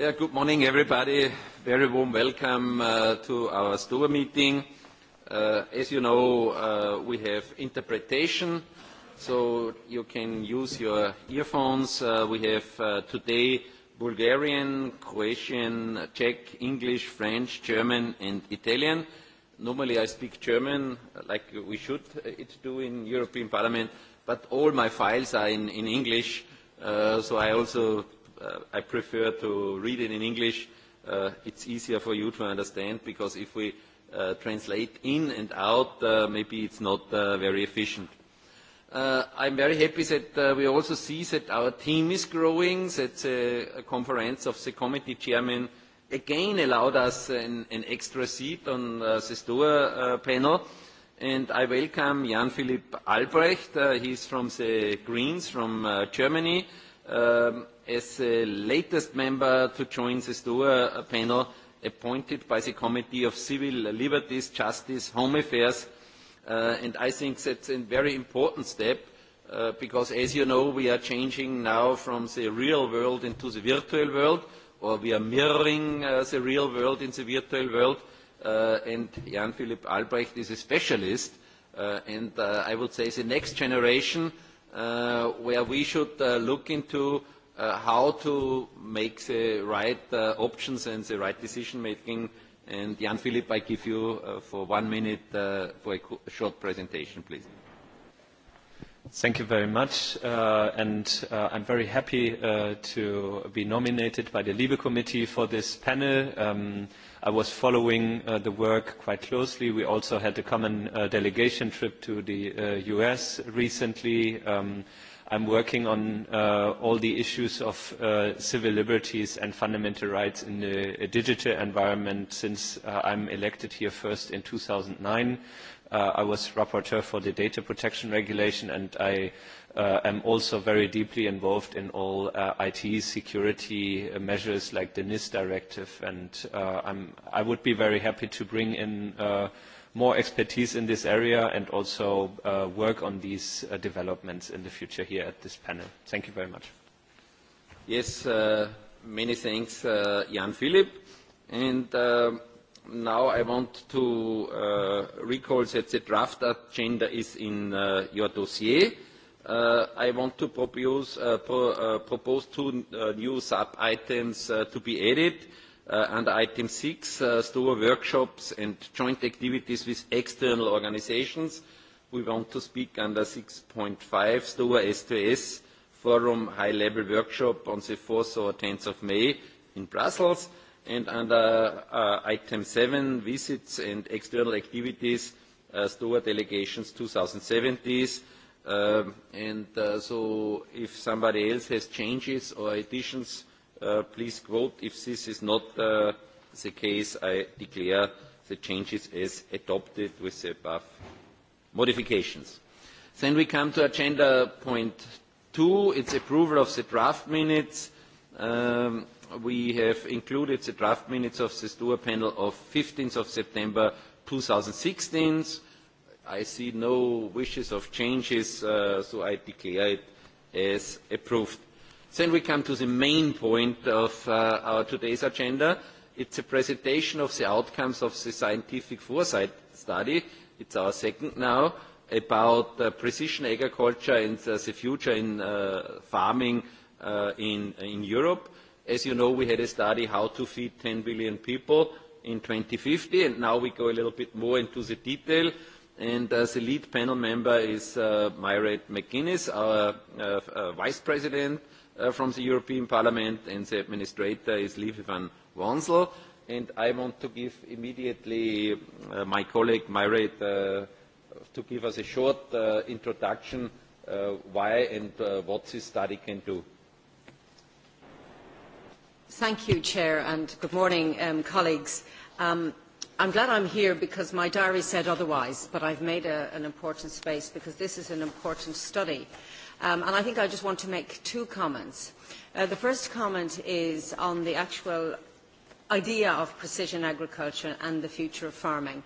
Good morning, everybody. Very warm welcome to our STOA meeting. As you know, we have interpretation, so you can use your earphones. We have today Bulgarian, Croatian, Czech, English, French, German, and Italian. Normally, I speak German, like we should do in European Parliament, but all my files are in English, so I also I prefer to read it in English. It's easier for you to understand because if we translate in and out, maybe it's not very efficient. I'm very happy that we also see that our team is growing, that a conference of the committee chairman again allowed us an extra seat on the STOA panel. And I welcome Jan-Philipp Albrecht. He's from the Greens from Germany as the latest member to join the STOA panel appointed by the Committee of Civil Liberties, Justice, Home Affairs, and I think that's a very important step because, as you know, we are changing now from the real world into the virtual world, or we are mirroring the real world in the virtual world, and Jan-Philipp Albrecht is a specialist, and I would say the next generation where we should look into how to make the right options and the right decision-making. And Jan-Philipp, I give you for one minute for a short presentation, please. Thank you very much. And I'm very happy to be nominated by the LIBE Committee for this panel. I was following the work quite closely. We also had a common delegation trip to the U.S. recently. I'm working on all the issues of civil liberties and fundamental rights in the digital environment since I'm elected here first in 2009. I was rapporteur for the data protection regulation and I am also very deeply involved in all IT security measures like the NIS directive and I would be very happy to bring in more expertise in this area and also work on these developments in the future here at this panel. Thank you very much. Yes, many thanks, Jan Philip. And now I want to recall that the draft agenda is in your dossier. I want to propose two new sub-items to be added Under item six stoa workshops and joint activities with external organisations we want to speak under 6.5 stoa s2s forum high level workshop on the 4th or 10th of may in brussels and under item 7 visits and external activities stoa delegations 2070s and so if somebody else has changes or additions Please quote. If this is not the case, I declare the changes as adopted with the above modifications. Then we come to agenda point two. It's approval of the draft minutes. We have included the draft minutes of the STOA panel of 15th of September 2016. I see no wishes of changes, so I declare it as approved. Then we come to the main point of our today's agenda. It's a presentation of the outcomes of the scientific foresight study. It's our second now about precision agriculture and the future in farming in Europe. As you know, we had a study how to feed 10 billion people in 2050, and now we go a little bit more into the detail. And the lead panel member is Myred McGuinness, our Vice President from the European Parliament, and the administrator is Lieve van Wansel. And I want to give immediately my colleague, Myriad, to give us a short introduction why and what this study can do. Thank you, Chair, and good morning, colleagues. I'm glad I'm here because my diary said otherwise, but I've made an important space because this is an important study. And I think I just want to make two comments. The first comment is on the actual idea of precision agriculture and the future of farming.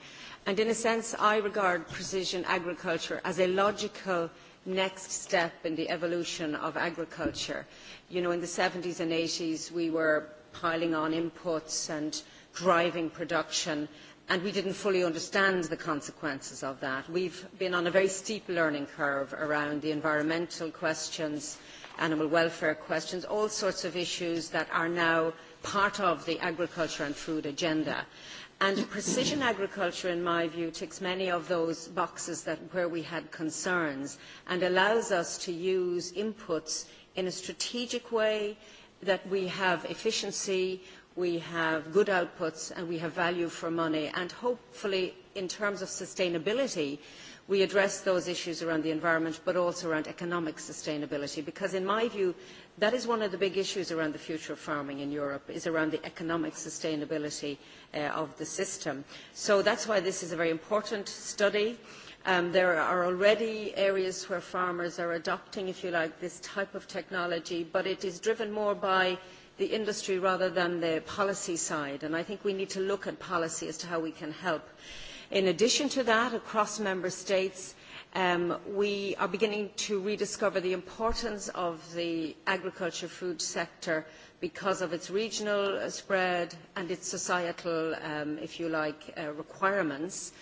And in a sense, I regard precision agriculture as a logical next step in the evolution of agriculture. You know, in the 70s and 80s, we were piling on inputs and driving production and we didn't fully understand the consequences of that. We've been on a very steep learning curve around the environmental questions, animal welfare questions, all sorts of issues that are now part of the agriculture and food agenda. And precision agriculture, in my view, ticks many of those boxes where we had concerns and allows us to use inputs in a strategic way that we have efficiency we have good outputs and we have value for money and hopefully in terms of sustainability we address those issues around the environment but also around economic sustainability because in my view that is one of the big issues around the future of farming in Europe is around the economic sustainability of the system. So that's why this is a very important study. There are already areas where farmers are adopting, if you like, this type of technology but it is driven more by the industry rather than the policy side. And I think we need to look at policy as to how we can help. In addition to that, across member states, we are beginning to rediscover the importance of the agriculture food sector because of its regional spread and its societal, if you like, requirements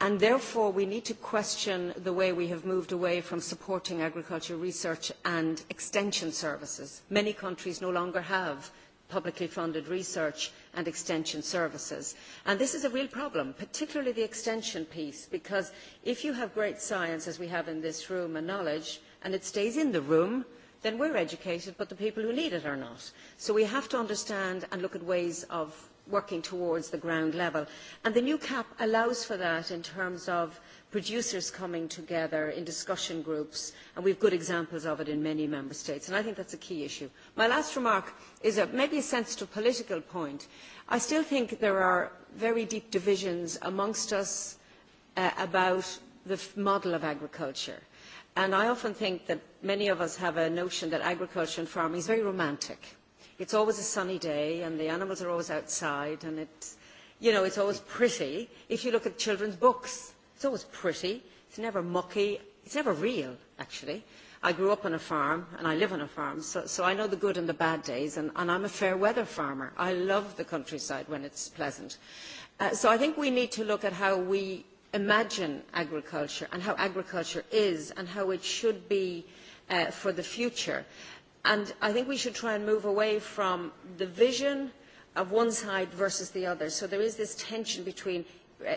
and therefore we need to question the way we have moved away from supporting agriculture research and extension services. Many countries no longer have publicly funded research and extension services. And this is a real problem, particularly the extension piece, because if you have great science, as we have in this room, and knowledge, and it stays in the room, then we're educated, but the people who need it are not. So we have to understand and look at ways of working towards the ground level. And the new cap allows for that in terms of producers coming together in discussion groups, and we have good examples of it in many member states, and I think that's a key issue. My last remark is maybe a sensitive political point. I still think there are very deep divisions amongst us about the model of agriculture. And I often think that many of us have a notion that agriculture and farming is very romantic it's always a sunny day and the animals are always outside and it's, you always pretty. If you look at children's books, it's always pretty. It's never mucky. It's never real, actually. I grew up on a farm and I live on a farm, so, I know the good and the bad days, and, and I'm a fair weather farmer. I love the countryside when it's pleasant. so I think we need to look at how we imagine agriculture and how agriculture is and how it should be for the future I think we should try and move away from the vision of one side versus the other. So there is this tension between,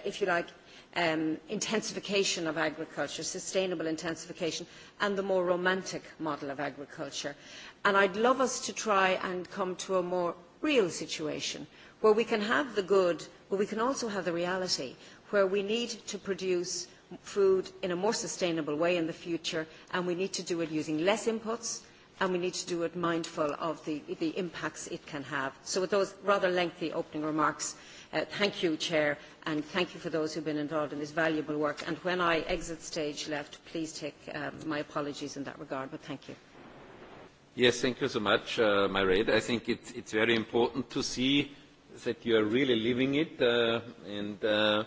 if you like, intensification of agriculture, sustainable intensification, and the more romantic model of agriculture. And I'd love us to try and come to a more real situation where we can have the good, but we can also have the reality, where we need to produce food in a more sustainable way in the future, and we need to do it using less inputs and we need to do it mindful of the impacts it can have. So with those rather lengthy opening remarks, thank you, Chair, and thank you for those who have been involved in this valuable work. And when I exit stage left, please take my apologies in that regard, but thank you. Yes, thank you so much, Myra. I think it's very important to see that you are really living it. And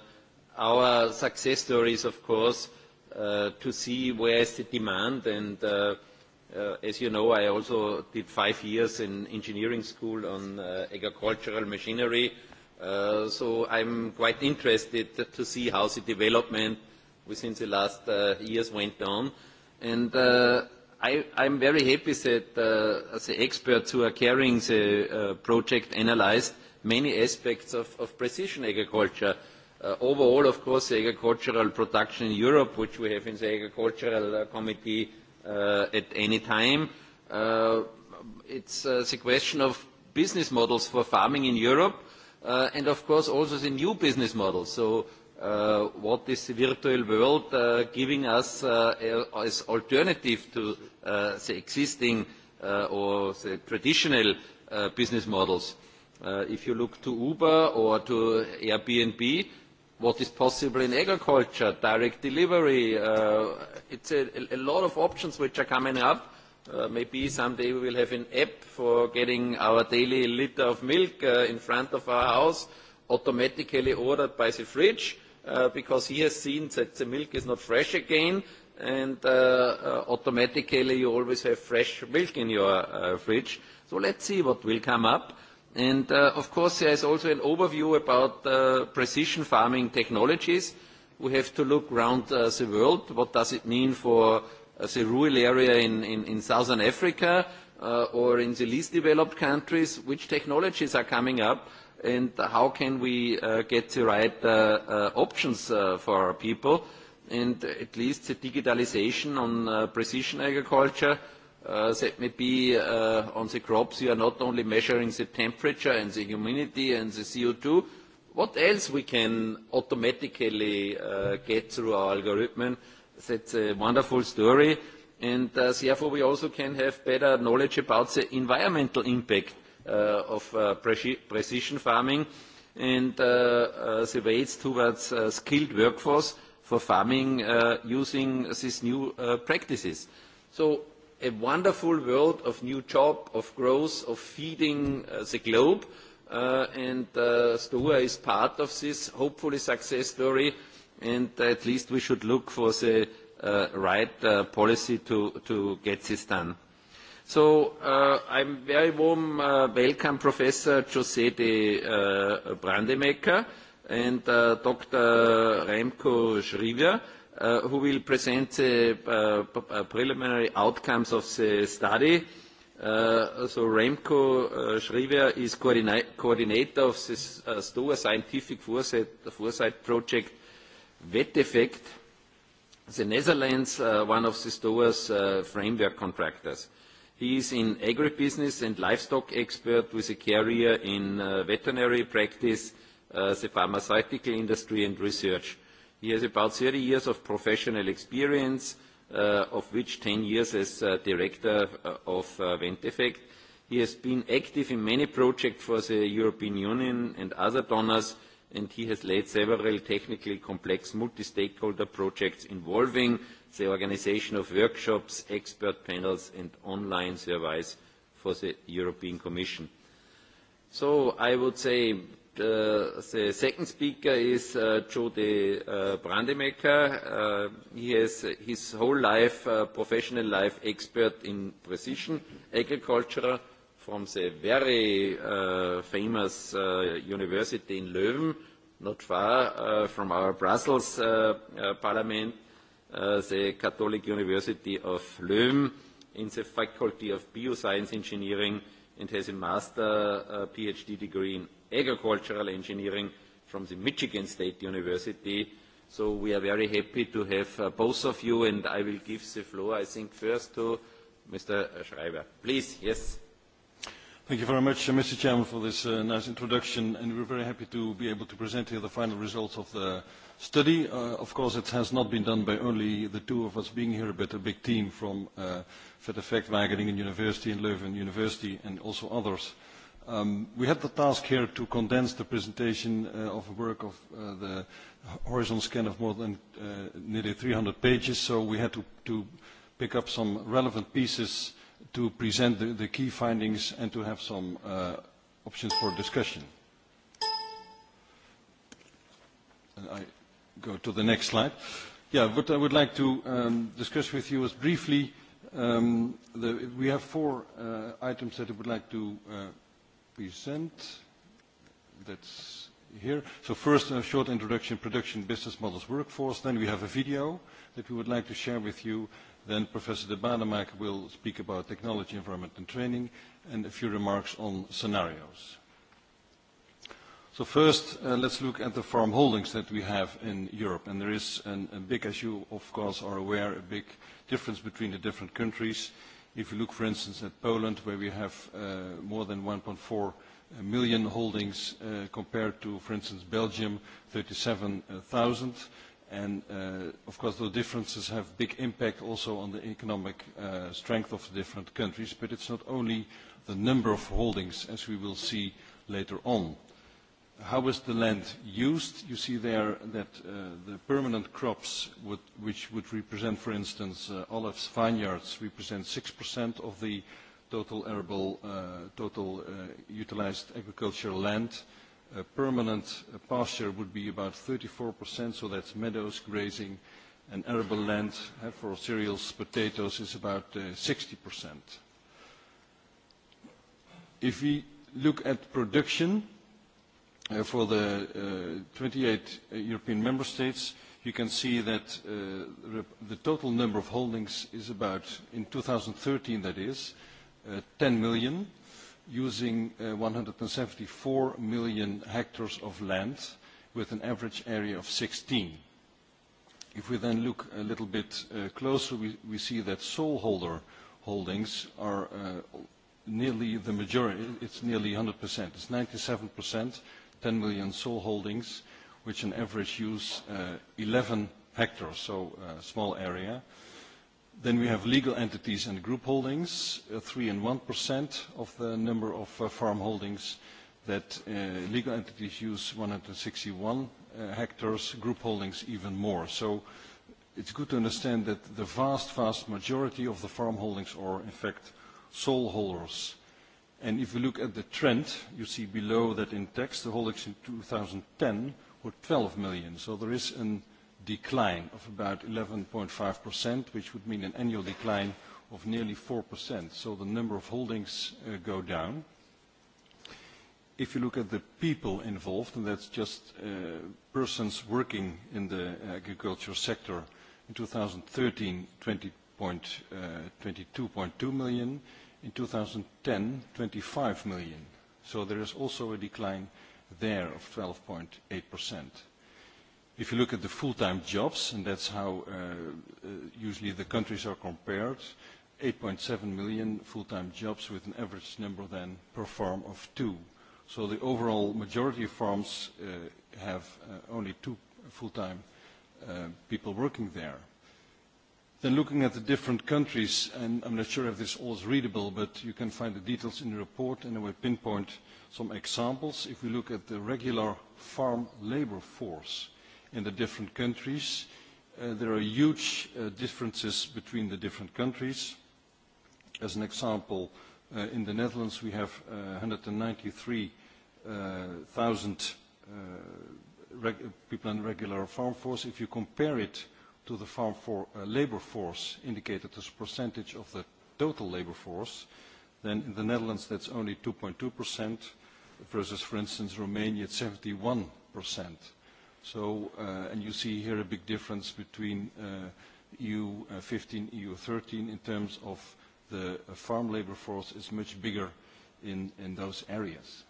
our success story is, of course, to see where is the demand and As you know, I also did five years in engineering school on agricultural machinery, so I'm quite interested to see how the development within the last years went on. And I'm very happy that the experts who are carrying the project analyzed many aspects of precision agriculture. Overall, of course, the agricultural production in Europe, which we have in the Agricultural Committee, at any time. It's the question of business models for farming in Europe and, of course, also the new business models. So what is the virtual world giving us as alternative to the existing or the traditional business models? If you look to Uber or to Airbnb, what is possible in agriculture, direct delivery. It's a lot of options which are coming up. Maybe someday we will have an app for getting our daily liter of milk in front of our house, automatically ordered by the fridge, because he has seen that the milk is not fresh again, and automatically you always have fresh milk in your fridge. So let's see what will come up. And of course there is also an overview about precision farming technologies. We have to look around the world. What does it mean for the rural area in southern Africa or in the least developed countries? Which technologies are coming up and how can we get the right options for our people? And at least the digitalization on precision agriculture that maybe on the crops you are not only measuring the temperature and the humidity and the CO2, what else we can automatically get through our algorithm. That's a wonderful story. And therefore we also can have better knowledge about the environmental impact of precision farming and the ways towards a skilled workforce for farming using these new practices a wonderful world of new job, of growth, of feeding the globe, and Stoa is part of this, hopefully, success story, and at least we should look for the right policy to get this done. So I very warm welcome Professor José de Brandemaker and Dr. Remco Schriever who will present the preliminary outcomes of the study. So Remco Schriever is coordinator of the STOA Scientific Foresight Project VetEffect, the Netherlands, one of the STOA's framework contractors. He is an agribusiness and livestock expert with a career in veterinary practice, the pharmaceutical industry and research. He has about 30 years of professional experience, of which 10 years as director of Ventefect. He has been active in many projects for the European Union and other donors, and he has led several technically complex multi-stakeholder projects involving the organization of workshops, expert panels, and online surveys for the European Commission. So I would say The second speaker is Jody Brandemecker. He has his whole life, professional life, expert in precision agriculture from the very famous university in Leuven, not far from our Brussels parliament, the Catholic University of Leuven in the Faculty of Bioscience Engineering and has a master PhD degree in agricultural engineering from the Michigan State University. So we are very happy to have both of you, and I will give the floor, I think, first to Mr. Schreiber. Please, yes. Thank you very much, Mr. Chairman, for this nice introduction, and we're very happy to be able to present here the final results of the study. Of course, it has not been done by only the two of us being here, but a big team from Vet Effect, Wageningen University and Leuven University, and also others We had the task here to condense the presentation of a work of the horizon scan of more than nearly 300 pages, so we had to pick up some relevant pieces to present the key findings and to have some options for discussion. And I go to the next slide. Yeah, what I would like to discuss with you is briefly, we have four items that I would like to present. That's here. So first, a short introduction, production, business models, workforce. Then we have a video that we would like to share with you. Then Professor de Bademaker will speak about technology, environment, and training, and a few remarks on scenarios. So first, let's look at the farm holdings that we have in Europe. And there is a big, as you, of course, are aware, a big difference between the different countries. If you look, for instance, at Poland, where we have more than 1.4 million holdings compared to, for instance, Belgium, 37,000. And, of course, those differences have big impact also on the economic strength of the different countries. But it's not only the number of holdings, as we will see later on. How is the land used? You see there that the permanent crops, which would represent, for instance, olives, vineyards, represent 6% of the total arable, total utilized agricultural land. Permanent pasture would be about 34%, so that's meadows, grazing, and arable land for cereals, potatoes, is about 60%. If we look at production, for the 28 European member states, you can see that the total number of holdings is about, in 2013 that is, 10 million, using 174 million hectares of land with an average area of 16. If we then look a little bit closer, we see that sole holder holdings are nearly the majority. It's nearly 100%. It's 97% 10 million sole holdings, which on average use 11 hectares, so a small area. Then we have legal entities and group holdings, 3 and 1% of the number of farm holdings that legal entities use 161 hectares, group holdings even more. So it's good to understand that the vast, vast majority of the farm holdings are, in fact, sole holders. And if you look at the trend, you see below that in text, the holdings in 2010 were 12 million. So there is a decline of about 11.5%, which would mean an annual decline of nearly 4%. So the number of holdings go down. If you look at the people involved, and that's just persons working in the agriculture sector, in 2013, 22.2 million in 2010, 25 million. So there is also a decline there of 12.8%. If you look at the full-time jobs, and that's how usually the countries are compared, 8.7 million full-time jobs with an average number then per farm of two. So the overall majority of farms have only two full-time people working there. Then looking at the different countries, and I'm not sure if this all is readable, but you can find the details in the report, and I will pinpoint some examples. If we look at the regular farm labor force in the different countries, there are huge differences between the different countries. As an example, in the Netherlands we have 193,000 people in regular farm force. If you compare it to the farm for labor force indicated as a percentage of the total labor force, then in the Netherlands that's only 2.2% versus, for instance, Romania at 71%. So, and you see here a big difference between EU 15, EU 13 in terms of the farm labor force is much bigger in in those areas.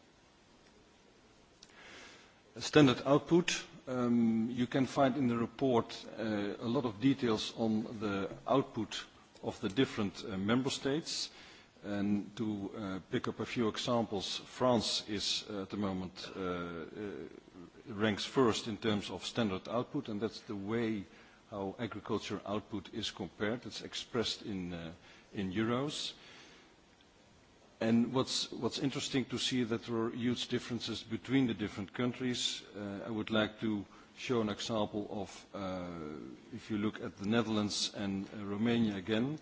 Standard output you can find in the report a lot of details on the output of the different member states. And to pick up a few examples, France is at the moment ranks first in terms of standard output, and that's the way how agriculture output is compared. It's expressed in euros. And what's interesting to see that there are huge differences between the different countries. I would like to show an example of if you look at the Netherlands and Romania again.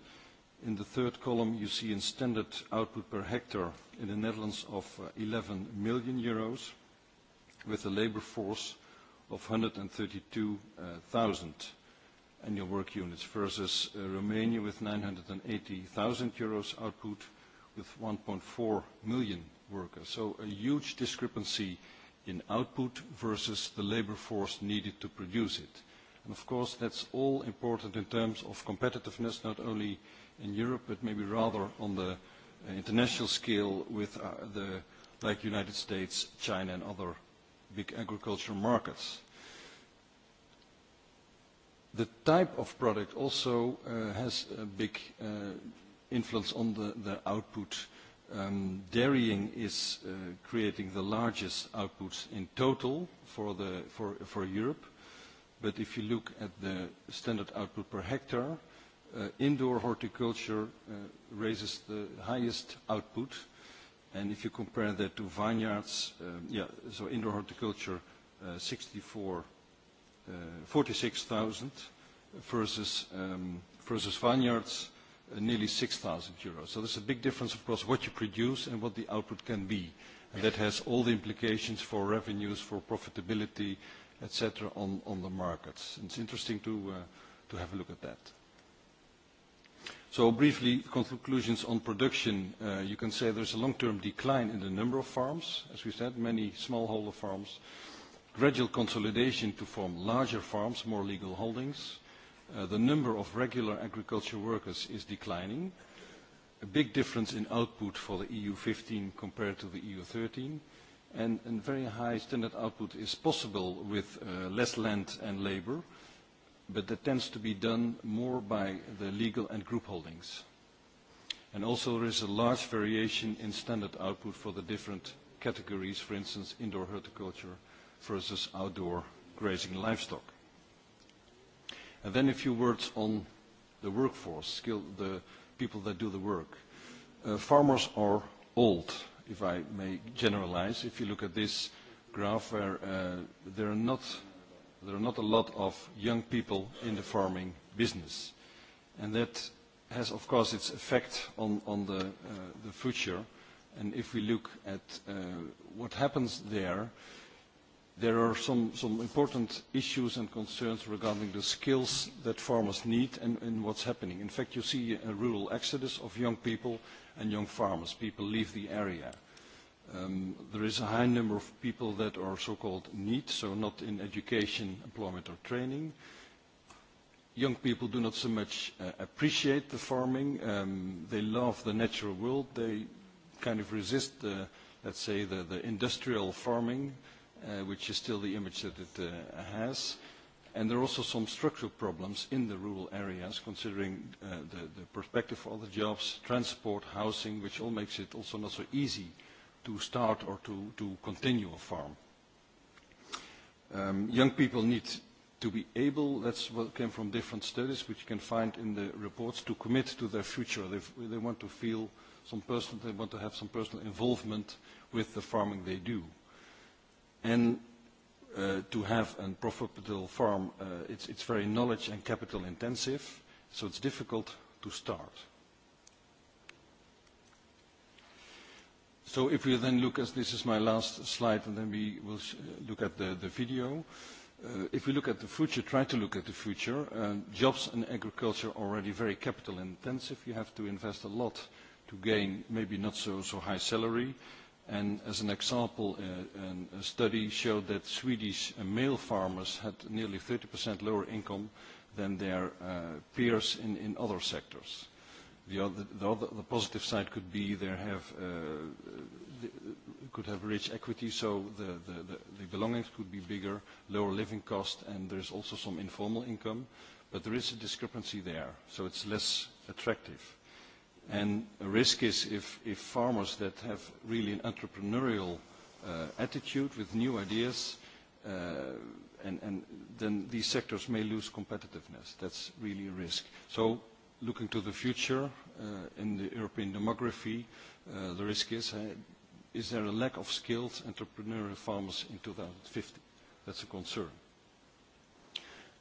In the third column you see a standard output per hectare in the Netherlands of 11 million euros with a labor force of 132,000 annual work units versus Romania with 980,000 euros output with 1.4 million workers. So a huge discrepancy in output versus the labor force needed to produce it. And of course, that's all important in terms of competitiveness, not only in Europe, but maybe rather on the international scale with the, like United States, China, and other big agricultural markets. The type of product also has a big influence on the output. Dairying is creating the largest outputs in total for Europe. But if you look at the standard output per hectare, indoor horticulture raises the highest output. And if you compare that to vineyards, yeah, so indoor horticulture, 64, 46,000 versus versus vineyards, nearly 6,000 euros. So there's a big difference, of course, what you produce and what the output can be. And that has all the implications for revenues, for profitability, etc., on, on the markets. it's interesting to, to have a look at that. So briefly, conclusions on production. you can say there's a long-term decline in the number of farms, as we said, many smallholder farms, gradual consolidation to form larger farms, more legal holdings, the number of regular agriculture workers is declining, a big difference in output for the EU15 compared to the EU13, and a very high standard output is possible with less land and labor, but that tends to be done more by the legal and group holdings. And also there is a large variation in standard output for the different categories, for instance, indoor horticulture versus outdoor grazing livestock. And then a few words on the workforce, skilled, the people that do the work. Farmers are old, if I may generalize. If you look at this graph, where there are not a lot of young people in the farming business, and that has, of course, its effect on on the the future. And if we look at what happens there There are some important issues and concerns regarding the skills that farmers need and what's happening. In fact, you see a rural exodus of young people and young farmers. People leave the area. There is a high number of people that are so-called NEET, so not in education, employment or training. Young people do not so much appreciate the farming. They love the natural world. They kind of resist, let's say, the industrial farming which is still the image that it has. And there are also some structural problems in the rural areas, considering the perspective for other jobs, transport, housing, which all makes it also not so easy to start or to continue a farm. Young people need to be able, that's what came from different studies, which you can find in the reports, to commit to their future. They want to feel some personal, they want to have some personal involvement with the farming they do and to have a profitable farm, it's it's very knowledge and capital intensive, so it's difficult to start. So if we then look, as this is my last slide, and then we will look at the the video. If we look at the future, try to look at the future, jobs and agriculture are already very capital intensive. You have to invest a lot to gain maybe not so high salary And as an example, a study showed that Swedish male farmers had nearly 30% lower income than their peers in other sectors. The positive side could be they could have rich equity, so the belongings could be bigger, lower living cost, and there's also some informal income. But there is a discrepancy there, so it's less attractive. And a risk is if farmers that have really an entrepreneurial attitude with new ideas, and then these sectors may lose competitiveness. That's really a risk. So looking to the future, in the European demography, the risk is, is there a lack of skilled entrepreneurial farmers in 2050? That's a concern.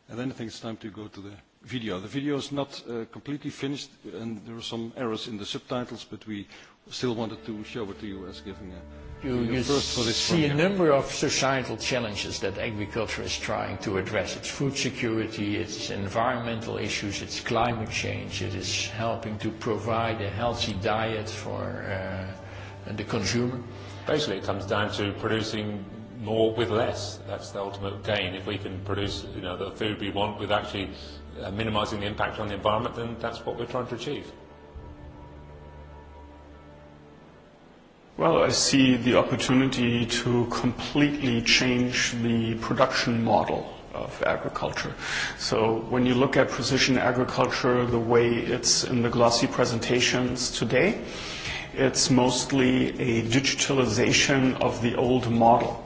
And then I think it's time to go to the video. The video is not completely finished, and there are some errors in the subtitles, but we still wanted to show it to you as giving a you first for this see a number of societal challenges that agriculture is trying to address. It's food security, it's environmental issues, it's climate change, it is helping to provide a healthy diet for the consumer. Basically, it comes down to producing more with less. That's the ultimate gain. If we can produce you know, the food we want with actually minimizing the impact on the environment, then that's what we're trying to achieve. Well, I see the opportunity to completely change the production model of agriculture. So when you look at precision agriculture the way it's in the glossy presentations today, it's mostly a digitalization of the old model.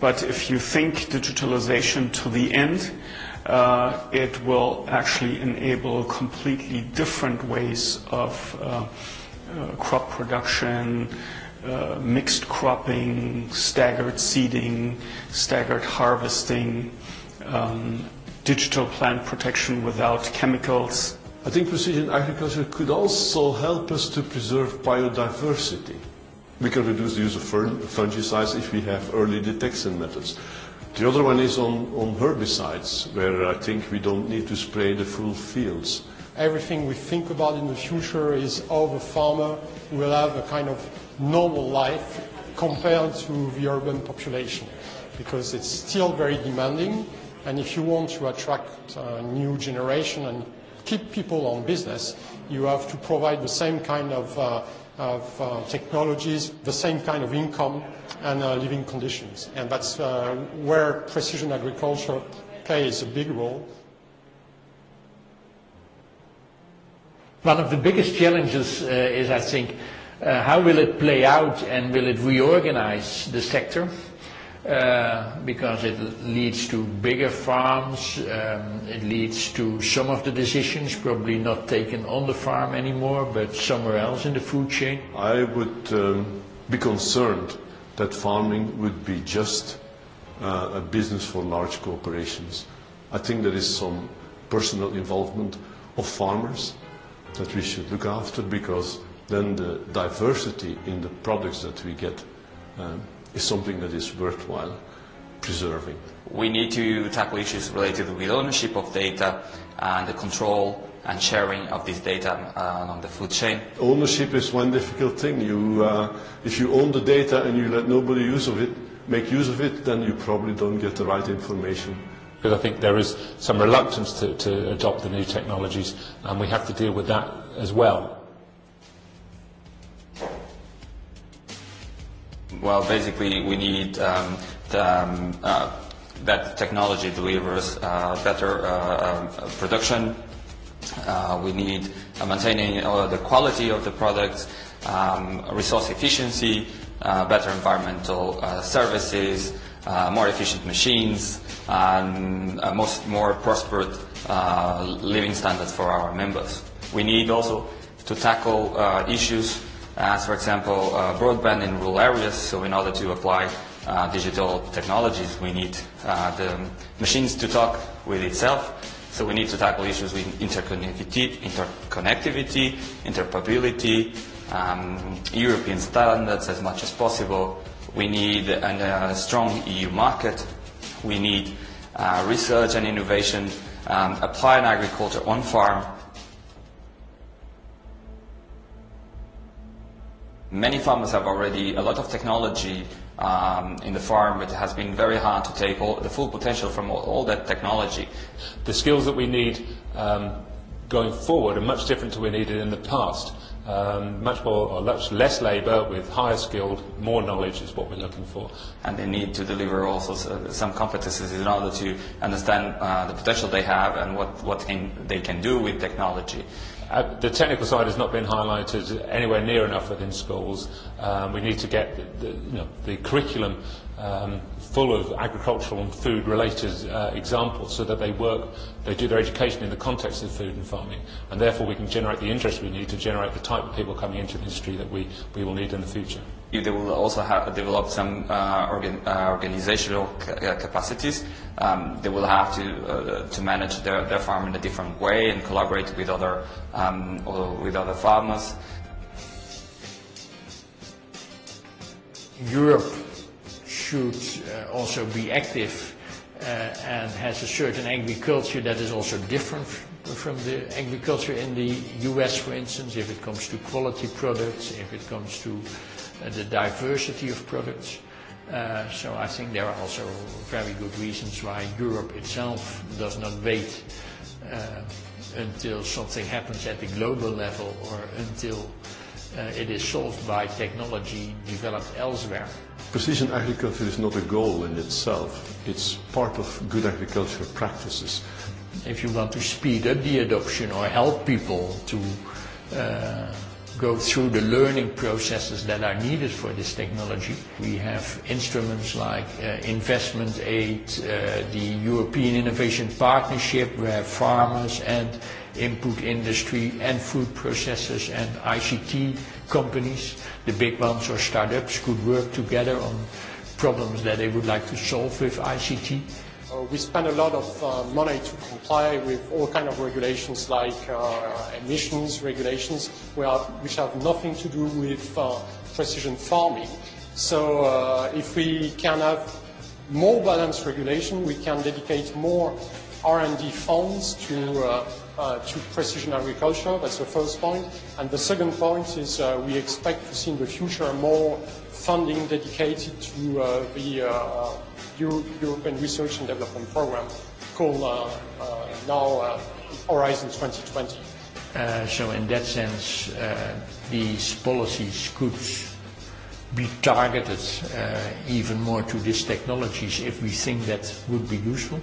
But if you think digitalization to the end, it will actually enable completely different ways of crop production, mixed cropping, staggered seeding, staggered harvesting, digital plant protection without chemicals. I think precision agriculture could also help us to preserve biodiversity. We can reduce the use of fungicides if we have early detection methods. The other one is on, on herbicides, where I think we don't need to spray the full fields. Everything we think about in the future is how the farmer will have a kind of normal life compared to the urban population, because it's still very demanding, and if you want to attract a new generation and keep people on business, you have to provide the same kind of, of technologies, the same kind of income and living conditions. And that's where precision agriculture plays a big role. One of the biggest challenges is, I think, how will it play out and will it reorganize the sector? Because it leads to bigger farms, it leads to some of the decisions probably not taken on the farm anymore, but somewhere else in the food chain. I would be concerned that farming would be just a business for large corporations. I think there is some personal involvement of farmers that we should look after because then the diversity in the products that we get is something that is worthwhile preserving. We need to tackle issues related with ownership of data and the control and sharing of this data along the food chain. Ownership is one difficult thing. You, if you own the data and you let nobody use of it, make use of it, then you probably don't get the right information. Because I think there is some reluctance to, to adopt the new technologies, and we have to deal with that as well. Well, basically, we need um, the, um, uh, that technology delivers uh, better uh, production we need maintaining the quality of the products, resource efficiency, better environmental services, more efficient machines, and most more prosperous living standards for our members. We need also to tackle issues as, for example, broadband in rural areas. So in order to apply digital technologies, we need the machines to talk with itself So we need to tackle issues with interconnectivity, interoperability, um, European standards as much as possible. We need a strong EU market. We need uh, research and innovation, um, applied agriculture on farm. Many farmers have already a lot of technology in the farm, it has been very hard to take all the full potential from all that technology. The skills that we need going forward are much different to what we needed in the past. Much more or much less labour with higher skilled, more knowledge is what we're looking for. And they need to deliver also some competences in order to understand the potential they have and what what they can do with technology. The technical side has not been highlighted anywhere near enough within schools. We need to get the curriculum full of agricultural and food-related examples so that they work, they do their education in the context of food and farming, and therefore we can generate the interest we need to generate the type of people coming into the industry that we will need in the future. They will also develop some organizational capacities. They will have to to manage their their farm in a different way and collaborate with other with other farmers. Europe should also be active and has a certain agriculture that is also different from the agriculture in the US, for instance, if it comes to quality products, if it comes to the diversity of products. So I think there are also very good reasons why Europe itself does not wait until something happens at the global level or until it is solved by technology developed elsewhere. Precision agriculture is not a goal in itself. It's part of good agricultural practices. If you want to speed up the adoption or help people to go through the learning processes that are needed for this technology. We have instruments like investment aid, the European Innovation Partnership, where farmers and input industry and food processors and ICT companies, the big ones or startups, could work together on problems that they would like to solve with ICT we spend a lot of money to comply with all kind of regulations like emissions regulations, which have nothing to do with precision farming. So if we can have more balanced regulation, we can dedicate more R&D funds to to precision agriculture. That's the first point. And the second point is we expect to see in the future more funding dedicated to the European Research and Development Program called now Horizon 2020. So in that sense, these policies could be targeted even more to these technologies if we think that would be useful?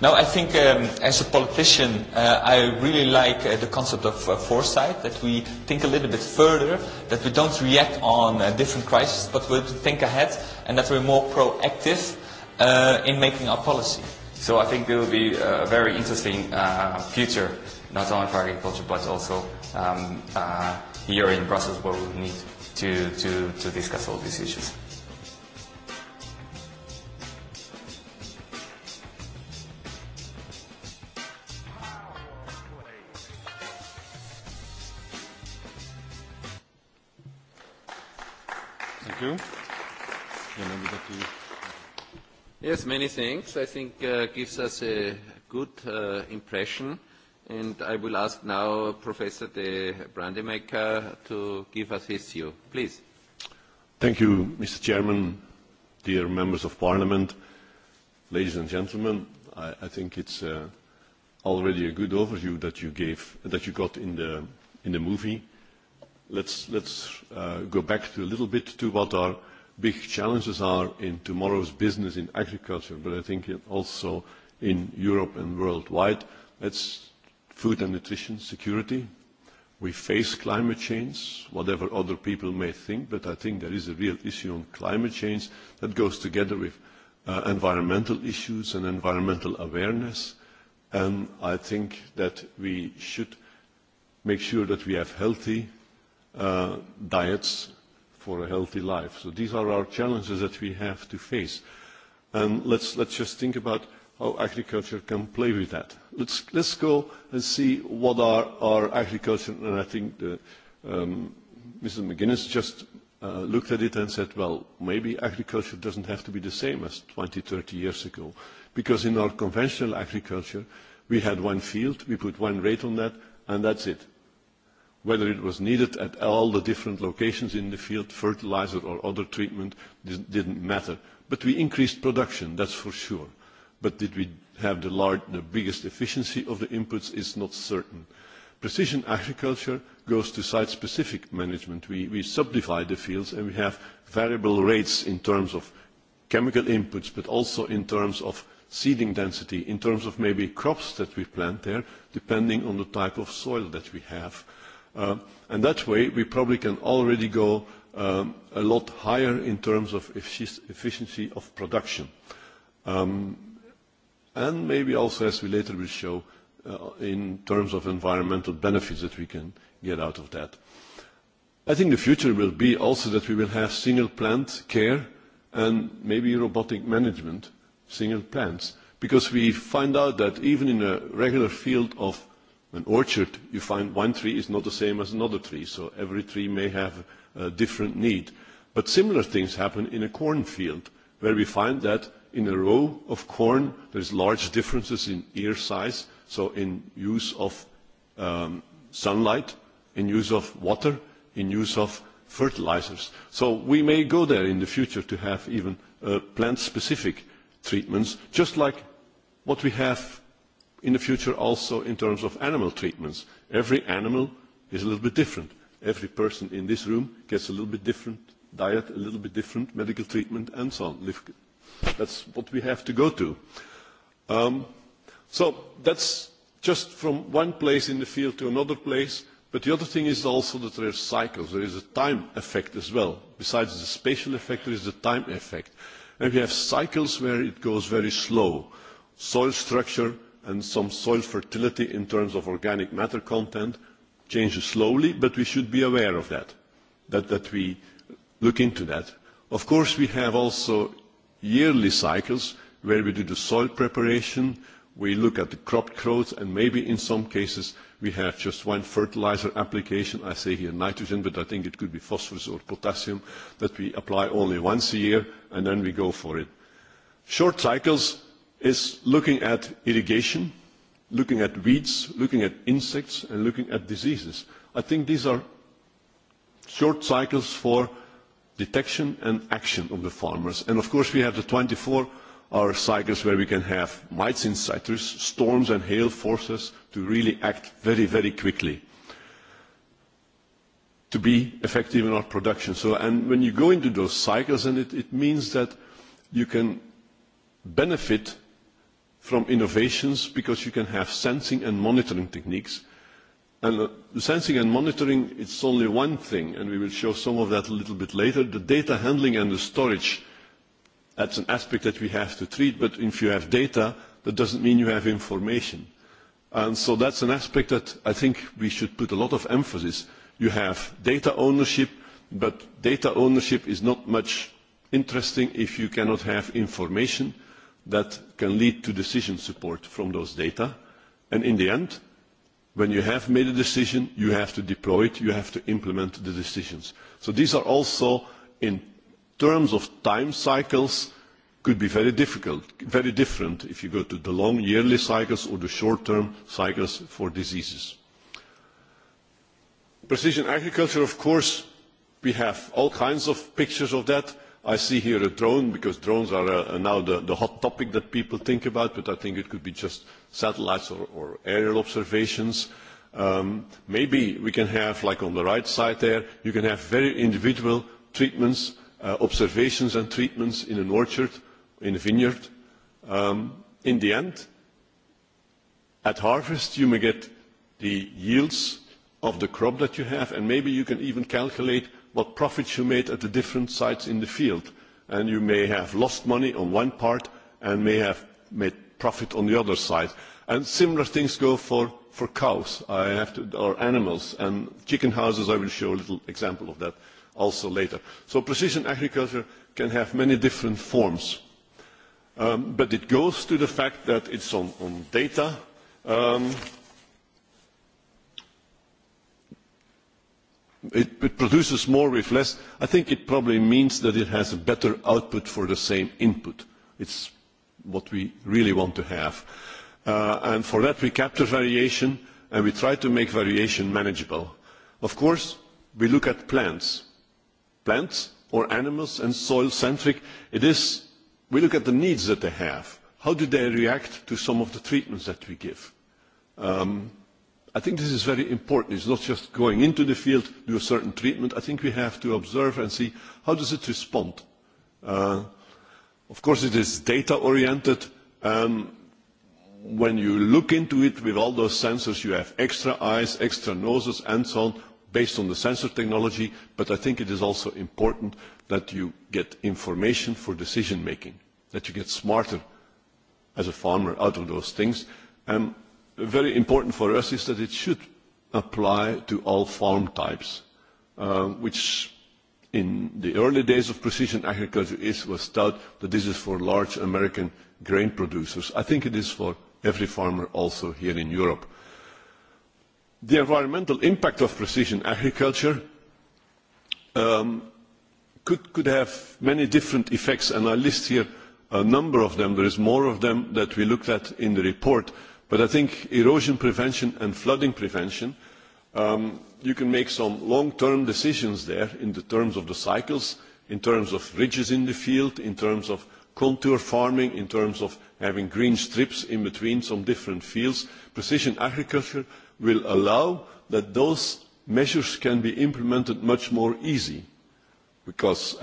Now I think as a politician, I really like the concept of foresight, that we think a little bit further, that we don't react on different crises, but we think ahead, and that we're more proactive in making our policy. So I think there will be a very interesting future, not only for agriculture, but also um, uh, here in Brussels, where we need to, to, to discuss all these issues. Thank you. Yes, many thanks. I think gives us a good impression. And I will ask now Professor de Brandemaker to give us his view. Please. Thank you, Mr. Chairman, dear members of Parliament, ladies and gentlemen. I think it's already a good overview that you gave, that you got in the in the movie. Let's let's go back to a little bit to what our big challenges are in tomorrow's business in agriculture, but I think also in Europe and worldwide. That's food and nutrition security. We face climate change, whatever other people may think, but I think there is a real issue on climate change that goes together with environmental issues and environmental awareness. And I think that we should make sure that we have healthy diets for a healthy life. So these are our challenges that we have to face. And let's let's just think about how agriculture can play with that. Let's let's go and see what our our agriculture and I think Mrs. McGuinness just looked at it and said, well, maybe agriculture doesn't have to be the same as 20, 30 years ago, because in our conventional agriculture, we had one field, we put one rate on that, and that's it whether it was needed at all the different locations in the field, fertilizer or other treatment, didn't matter. But we increased production, that's for sure. But did we have the biggest efficiency of the inputs is not certain. Precision agriculture goes to site-specific management. We subdivide the fields and we have variable rates in terms of chemical inputs, but also in terms of seeding density, in terms of maybe crops that we plant there, depending on the type of soil that we have. And that way, we probably can already go a lot higher in terms of efficiency of production. And maybe also, as we later will show, in terms of environmental benefits that we can get out of that. I think the future will be also that we will have single plant care and maybe robotic management, single plants, because we find out that even in a regular field of an orchard, you find one tree is not the same as another tree, so every tree may have a different need. But similar things happen in a cornfield, where we find that in a row of corn there large differences in ear size, so in use of sunlight, in use of water, in use of fertilizers. So we may go there in the future to have even plant-specific treatments, just like what we have in the future also in terms of animal treatments. Every animal is a little bit different. Every person in this room gets a little bit different diet, a little bit different medical treatment, and so on. That's what we have to go to. So that's just from one place in the field to another place. But the other thing is also that there are cycles. There is a time effect as well. Besides the spatial effect, there is a time effect. And we have cycles where it goes very slow. Soil structure and some soil fertility in terms of organic matter content changes slowly, but we should be aware of that, that we look into that. Of course, we have also yearly cycles where we do the soil preparation, we look at the crop growth, and maybe in some cases we have just one fertilizer application. I say here nitrogen, but I think it could be phosphorus or potassium that we apply only once a year, and then we go for it. Short cycles is looking at irrigation, looking at weeds, looking at insects, and looking at diseases. I think these are short cycles for detection and action of the farmers. And of course we have the 24-hour cycles where we can have mites in citrus, storms and hail forces to really act very, very quickly to be effective in our production. So, and when you go into those cycles, and it means that you can benefit from innovations because you can have sensing and monitoring techniques. And sensing and monitoring, it's only one thing, and we will show some of that a little bit later. The data handling and the storage, that's an aspect that we have to treat, but if you have data, that doesn't mean you have information. And so that's an aspect that I think we should put a lot of emphasis. You have data ownership, but data ownership is not much interesting if you cannot have information that can lead to decision support from those data. And in the end, when you have made a decision, you have to deploy it, you have to implement the decisions. So these are also, in terms of time cycles, could be very difficult, very different if you go to the long yearly cycles or the short-term cycles for diseases. Precision agriculture, of course, we have all kinds of pictures of that I see here a drone because drones are now the hot topic that people think about, but I think it could be just satellites or aerial observations. Maybe we can have, like on the right side there, you can have very individual treatments, observations and treatments in an orchard, in a vineyard. In the end, at harvest, you may get the yields of the crop that you have, and maybe you can even calculate what profits you made at the different sites in the field. And you may have lost money on one part and may have made profit on the other side. And similar things go for cows or animals. And chicken houses, I will show a little example of that also later. So precision agriculture can have many different forms. But it goes to the fact that it's on data it produces more with less, I think it probably means that it has a better output for the same input. It's what we really want to have. And for that we capture variation and we try to make variation manageable. Of course, we look at plants. Plants or animals and soil-centric, it is, we look at the needs that they have. How do they react to some of the treatments that we give? I think this is very important. It's not just going into the field, do a certain treatment. I think we have to observe and see how does it respond. Of course, it is data-oriented. When you look into it with all those sensors, you have extra eyes, extra noses, and so on, based on the sensor technology. But I think it is also important that you get information for decision-making, that you get smarter as a farmer out of those things very important for us is that it should apply to all farm types, which in the early days of precision agriculture is was thought that this is for large American grain producers. I think it is for every farmer also here in Europe. The environmental impact of precision agriculture could have many different effects, and I list here a number of them. There is more of them that we looked at in the report But I think erosion prevention and flooding prevention, you can make some long-term decisions there in terms of the cycles, in terms of ridges in the field, in terms of contour farming, in terms of having green strips in between some different fields. Precision agriculture will allow that those measures can be implemented much more easily, because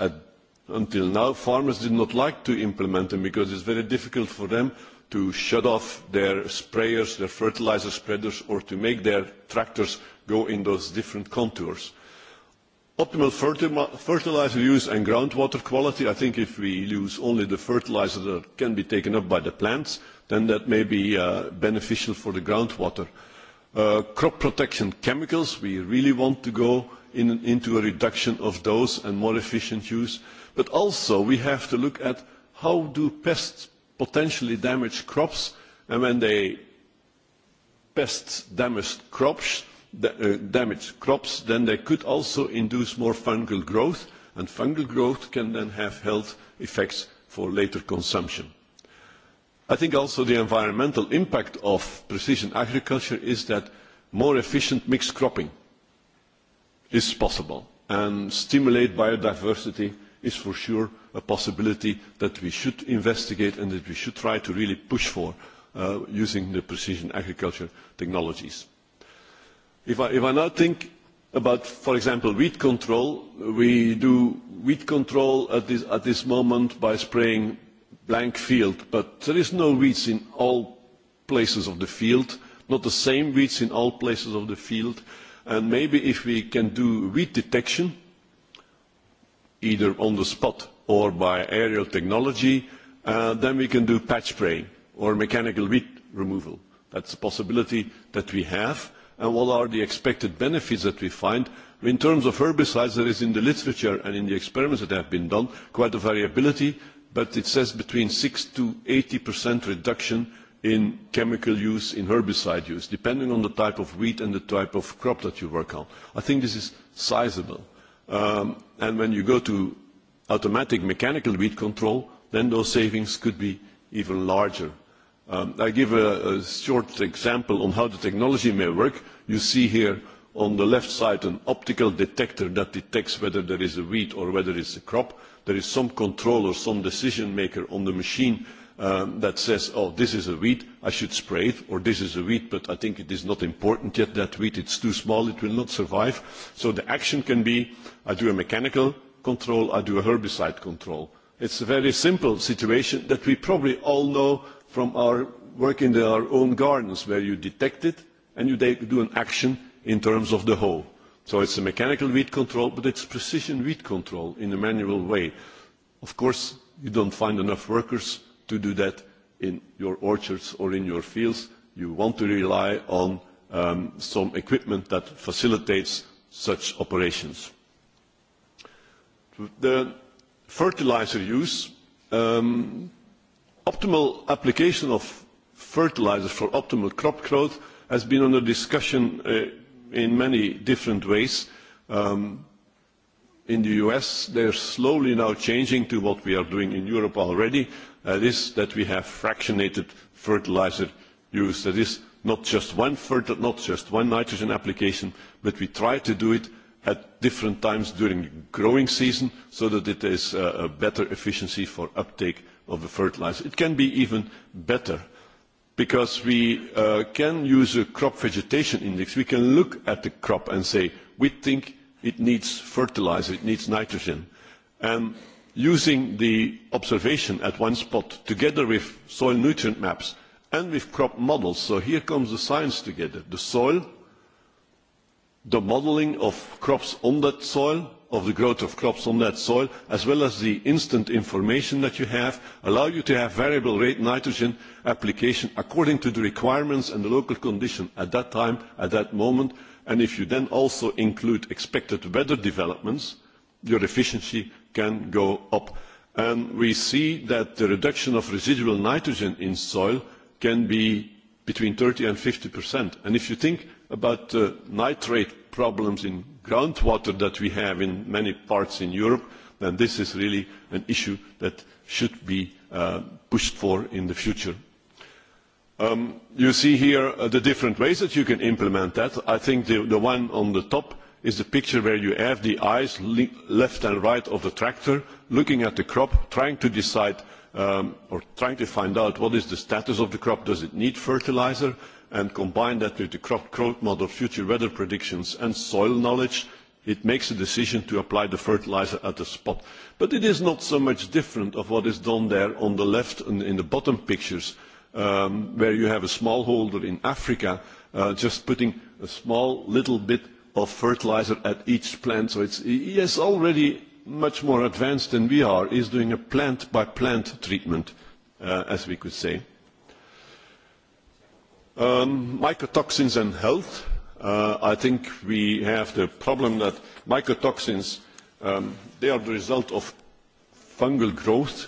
until now farmers did not like to implement them because it is very difficult for them to shut off their sprayers, their fertilizer spreaders, or to make their tractors go in those different contours. Optimal fertilizer use and groundwater quality, I think if we use only the fertilizer that can be taken up by the plants, then that may be beneficial for the groundwater. Crop protection chemicals, we really want to go into a reduction of those and more efficient use. But also we have to look at how do pests potentially damage crops, and when they pest damaged crops, damaged crops, then they could also induce more fungal growth, and fungal growth can then have health effects for later consumption. I think also the environmental impact of precision agriculture is that more efficient mixed cropping is possible, and stimulate biodiversity is for sure a possibility that we should investigate and that we should try to really push for using the precision agriculture technologies. If I now think about, for example, weed control, we do weed control at this moment by spraying blank field, but there is no weeds in all places of the field, not the same weeds in all places of the field, and maybe if we can do weed detection, either on the spot or by aerial technology, then we can do patch spraying or mechanical weed removal. That's a possibility that we have. And what are the expected benefits that we find? In terms of herbicides, there is in the literature and in the experiments that have been done quite a variability, but it says between 6 to 80% reduction in chemical use, in herbicide use, depending on the type of wheat and the type of crop that you work on. I think this is sizable. And when you go to automatic mechanical weed control, then those savings could be even larger. I give a short example on how the technology may work. You see here on the left side an optical detector that detects whether there is a weed or whether it's a crop. There is some control or some decision maker on the machine that says, oh, this is a weed, I should spray it, or this is a weed, but I think it is not important yet, that weed, it's too small, it will not survive. So the action can be, I do a mechanical control, I do a herbicide control. It's a very simple situation that we probably all know from our work in our own gardens, where you detect it and you do an action in terms of the whole. So it's a mechanical weed control, but it's precision weed control in a manual way. Of course, you don't find enough workers to do that in your orchards or in your fields. You want to rely on some equipment that facilitates such operations. The fertilizer use, optimal application of fertilizer for optimal crop growth has been under discussion in many different ways. In the US, they are slowly now changing to what we are doing in Europe already. That is that we have fractionated fertilizer use. That is not just not just one nitrogen application, but we try to do it at different times during the growing season so that it is better efficiency for uptake of the fertilizer. It can be even better because we can use a crop vegetation index. We can look at the crop and say we think it needs fertilizer, it needs nitrogen. And using the observation at one spot together with soil nutrient maps and with crop models, so here comes the science together, the soil the modelling of crops on that soil, of the growth of crops on that soil, as well as the instant information that you have, allow you to have variable rate nitrogen application according to the requirements and the local condition at that time, at that moment, and if you then also include expected weather developments, your efficiency can go up. And we see that the reduction of residual nitrogen in soil can be between 30 and 50%. And if you think about the nitrate problems in groundwater that we have in many parts in Europe, then this is really an issue that should be pushed for in the future. You see here the different ways that you can implement that. I think the one on the top is the picture where you have the eyes left and right of the tractor looking at the crop, trying to decide or trying to find out what is the status of the crop, does it need fertilizer, and combine that with the crop growth model, future weather predictions and soil knowledge, it makes a decision to apply the fertilizer at the spot. But it is not so much different of what is done there on the left in the bottom pictures, where you have a smallholder in Africa just putting a small little bit of fertilizer at each plant. So it's yes already much more advanced than we are, is doing a plant by plant treatment, as we could say. Mycotoxins and health. I think we have the problem that mycotoxins, are the result of fungal growth,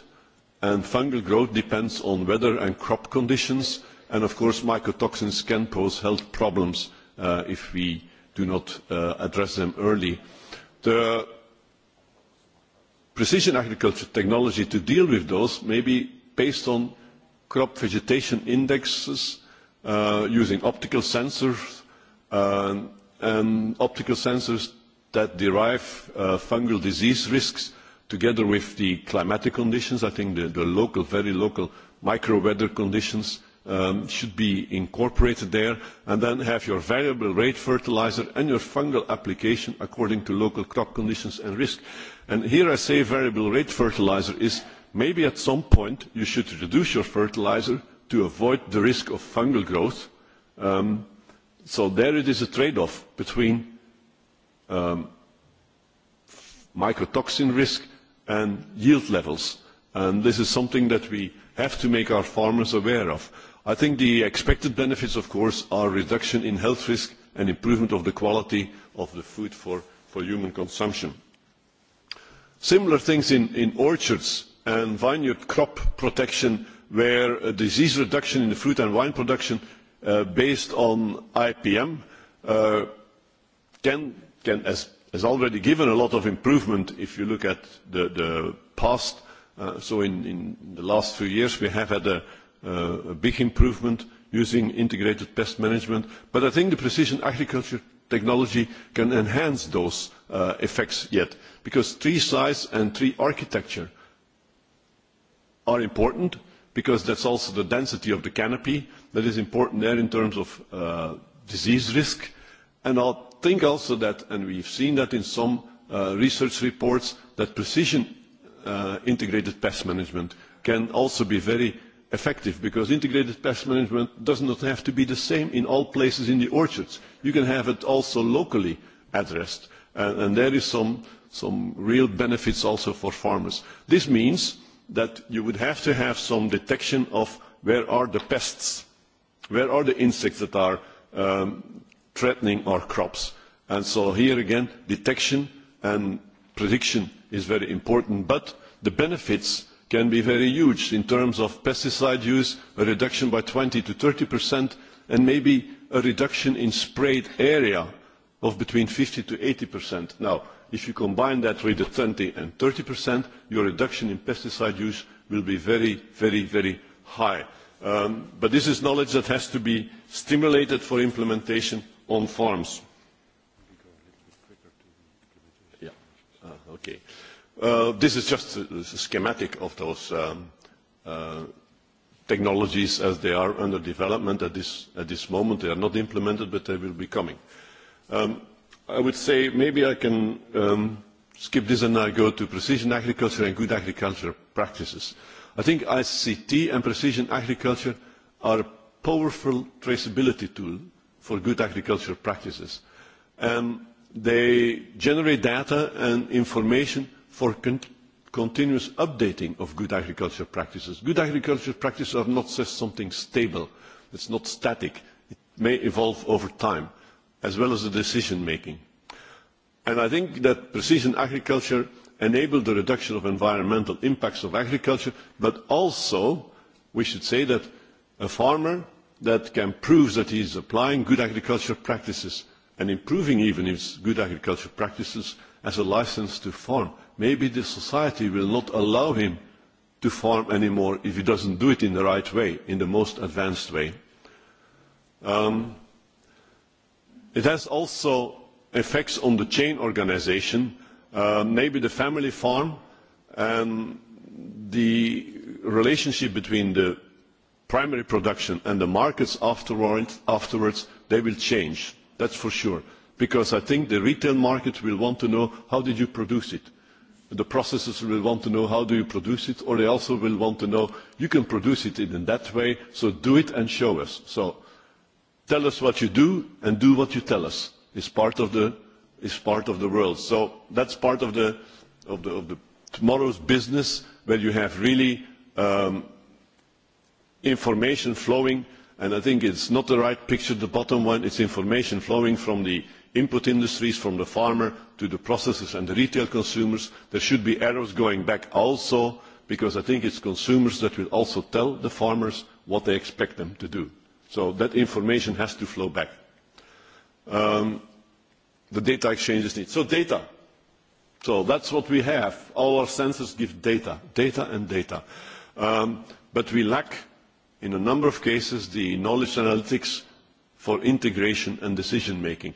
and fungal growth depends on weather and crop conditions, and of course mycotoxins can pose health problems if we do not address them early. The precision agriculture technology to deal with those may be based on crop vegetation indexes using optical sensors and optical sensors that derive fungal disease risks together with the climatic conditions. I think the local, very local micro-weather conditions should be incorporated there and then have your variable rate fertilizer and your fungal application according to local crop conditions and risk. And here I say variable rate fertilizer is maybe at some point you should reduce your fertilizer to avoid the risk of fungal growth. So there it is a trade-off between mycotoxin risk and yield levels. And this is something that we have to make our farmers aware of. I think the expected benefits, of course, are reduction in health risk and improvement of the quality of the food for human consumption. Similar things in orchards and vineyard crop protection where disease reduction in the fruit and wine production based on IPM can, has already given a lot of improvement if you look at the past. So in the last few years we have had a big improvement using integrated pest management. But I think the precision agriculture technology can enhance those effects yet, because tree size and tree architecture are important because that's also the density of the canopy that is important there in terms of disease risk. And I think also that, and we've seen that in some research reports, that precision integrated pest management can also be very effective because integrated pest management does not have to be the same in all places in the orchards. You can have it also locally addressed. And there is some real benefits also for farmers. This means that you would have to have some detection of where are the pests, where are the insects that are threatening our crops. And so here again, detection and prediction is very important, but the benefits can be very huge in terms of pesticide use, a reduction by 20 to 30%, and maybe a reduction in sprayed area of between 50 to 80%. Now, if you combine that with the 20 and 30%, your reduction in pesticide use will be very, very, very high. But this is knowledge that has to be stimulated for implementation on farms. Okay. This is just a schematic of those technologies as they are under development at this moment. They are not implemented, but they will be coming. I would say maybe I can skip this and now go to precision agriculture and good agriculture practices. I think ICT and precision agriculture are a powerful traceability tool for good agriculture practices. And they generate data and information for continuous updating of good agriculture practices. Good agriculture practices are not just something stable. It's not static. It may evolve over time as well as the decision making. And I think that precision agriculture enables the reduction of environmental impacts of agriculture, but also we should say that a farmer that can prove that he is applying good agricultural practices and improving even his good agricultural practices as a license to farm. Maybe the society will not allow him to farm anymore if he doesn't do it in the right way, in the most advanced way. It has also effects on the chain organisation, maybe the family farm and the relationship between the primary production and the markets afterwards, they will change. that That's for sure. Because I think the retail market will want to know how did you produce it. The processors will want to know how do you produce it, or they also will want to know you can produce it in that way, so do it and show us. Tell us what you do and do what you tell us is part of the is part of the world. So that's part of the of the tomorrow's business where you have really information flowing and I think it's not the right picture the bottom one, it's information flowing from the input industries, from the farmer to the processors and the retail consumers. There should be arrows going back also because I think it's consumers that will also tell the farmers what they expect them to do. So that information has to flow back. The data exchanges need. So data. So that's what we have. All our sensors give data, data and data. But we lack, in a number of cases, the knowledge analytics for integration and decision making.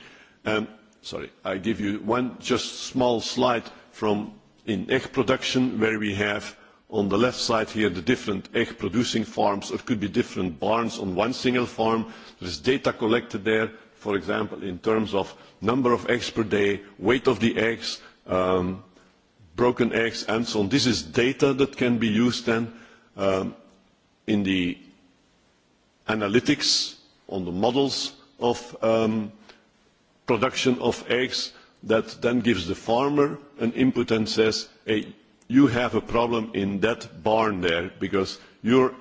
Sorry, I give you one just small slide from in egg production where we have On the left side here, the different egg-producing farms, or could be different barns on one single farm. There is data collected there, for example, in terms of number of eggs per day, weight of the eggs, broken eggs, and so on. This is data that can be used then in the analytics on the models of production of eggs that then gives the farmer an input and says, hey, you have a problem in that barn there because your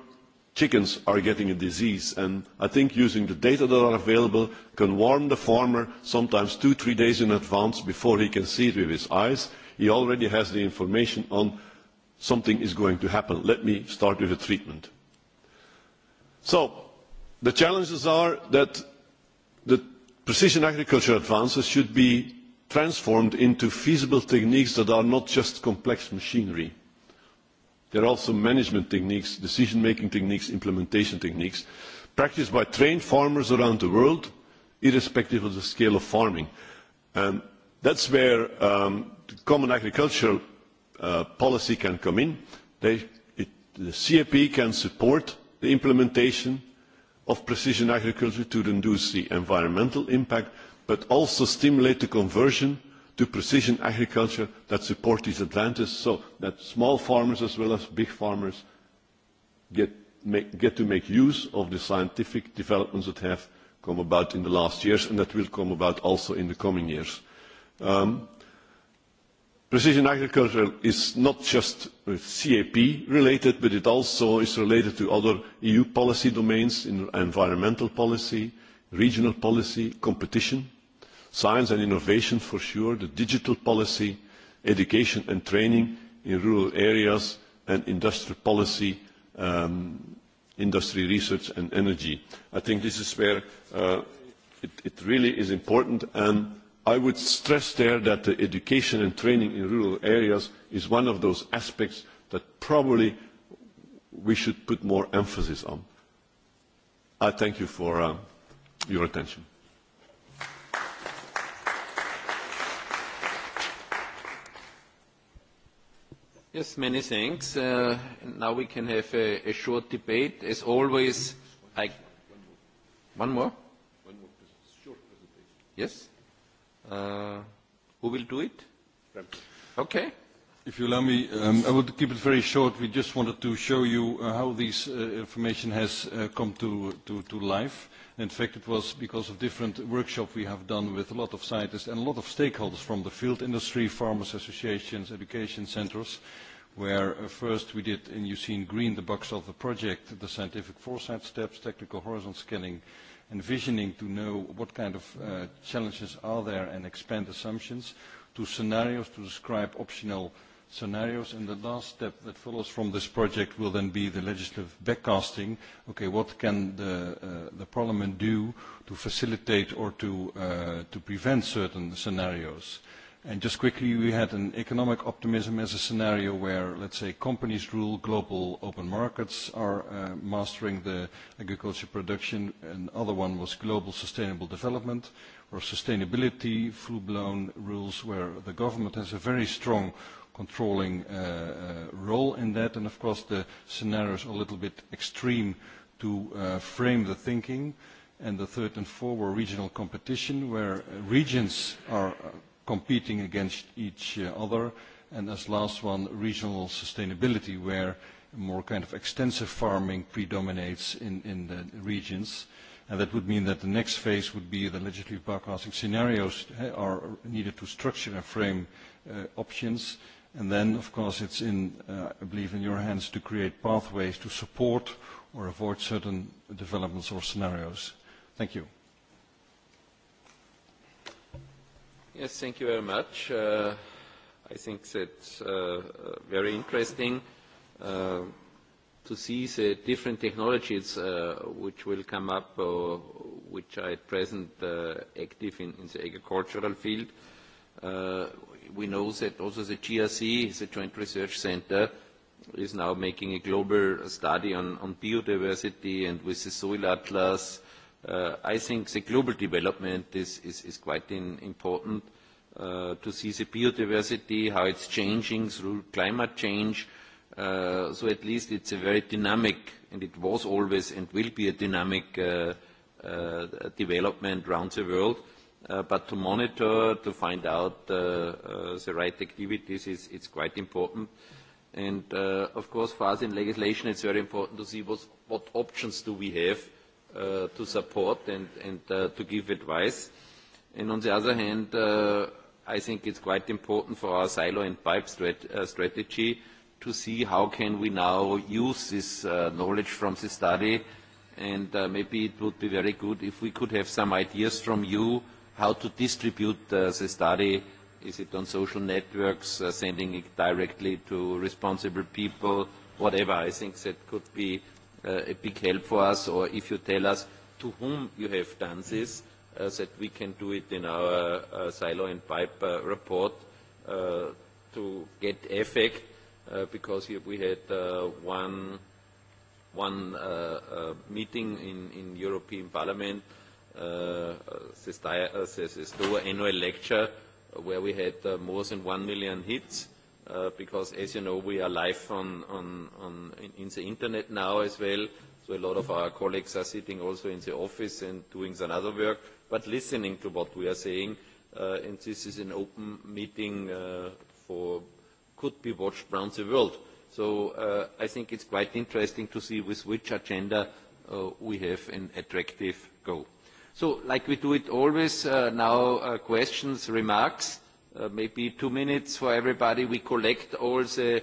chickens are getting a disease. And I think using the data that are available can warn the farmer sometimes two, three days in advance before he can see it with his eyes. He already has the information on something is going to happen. Let me start with a treatment. So the challenges are that the precision agriculture advances should be transformed into feasible techniques that are not just complex machinery. There are also management techniques, decision-making techniques, implementation techniques, practiced by trained farmers around the world, irrespective of the scale of farming. And that's where the common agricultural policy can come in. The CAP can support the implementation of precision agriculture to reduce the environmental impact, but also stimulate the conversion to precision agriculture that supports these advantages so that small farmers as well as big farmers get to make use of the scientific developments that have come about in the last years and that will come about also in the coming years. Precision agriculture is not just CAP related, but it also is related to other EU policy domains, in environmental policy, regional policy, competition science and innovation for sure, the digital policy, education and training in rural areas, and industrial policy, industry research and energy. I think this is where it really is important, and I would stress there that the education and training in rural areas is one of those aspects that probably we should put more emphasis on. I thank you for your attention. Yes, many thanks. Now we can have a short debate. As always, One more? One more short presentation. Yes? Who will do it? Okay. If you allow me, I will keep it very short. We just wanted to show you how this information has come to life. In fact, it was because of different workshops we have done with a lot of scientists and a lot of stakeholders from the field industry, farmers associations, education centers, where first we did, in Green, the box of the project, the scientific foresight steps, technical horizon scanning, and visioning to know what kind of challenges are there and expand assumptions, to scenarios to describe optional scenarios. And the last step that follows from this project will then be the legislative backcasting. Okay, what can the Parliament do to facilitate or to prevent certain scenarios? And just quickly, we had an economic optimism as a scenario where, let's say, companies rule, global open markets are mastering the agriculture production. And other one was global sustainable development or sustainability, full-blown rules where the government has a very strong controlling role in that. And of course, the scenarios are a little bit extreme to frame the thinking. And the third and four were regional competition, where regions are competing against each other. And as last one, regional sustainability, where more kind of extensive farming predominates in the regions. And that would mean that the next phase would be the legislative broadcasting scenarios are needed to structure and frame options And then, of course, it's in, I believe, in your hands to create pathways to support or avoid certain developments or scenarios. Thank you. Yes, thank you very much. I think that's very interesting to see the different technologies which will come up, which are at present active in the agricultural field We know that also the GRC, the Joint Research Center, is now making a global study on biodiversity and with the soil atlas. I think the global development is quite important to see the biodiversity, how it's changing through climate change. So at least it's a very dynamic, and it was always and will be a dynamic development around the world. But to monitor, to find out the right activities, it's quite important. And, of course, for us in legislation, it's very important to see what options do we have to support and to give advice. And on the other hand, I think it's quite important for our silo and pipe strategy to see how can we now use this knowledge from the study. And maybe it would be very good if we could have some ideas from you how to distribute the study. Is it on social networks, sending it directly to responsible people, whatever. I think that could be a big help for us. Or if you tell us to whom you have done this, that we can do it in our silo and pipe report to get effect, because we had one meeting in European Parliament this annual lecture where we had more than 1 million hits because, as you know, we are live on in the Internet now as well. So a lot of our colleagues are sitting also in the office and doing another work, but listening to what we are saying. And this is an open meeting for could be watched around the world. So I think it's quite interesting to see with which agenda we have an attractive goal. So, like we do it always, now questions, remarks, maybe two minutes for everybody. We collect all the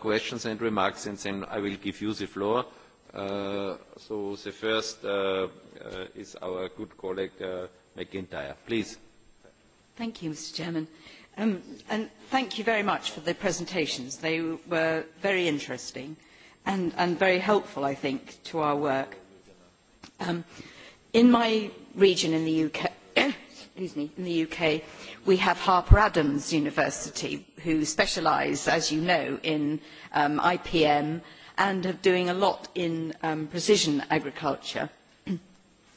questions and remarks, and then I will give you the floor. So, the first is our good colleague McIntyre. Please. Thank you, Mr. Chairman, and thank you very much for the presentations. They were very interesting and very helpful, I think, to our work. In my region in the UK, excuse me, in the UK, we have Harper Adams University, who specialise, as you know, in IPM and are doing a lot in precision agriculture.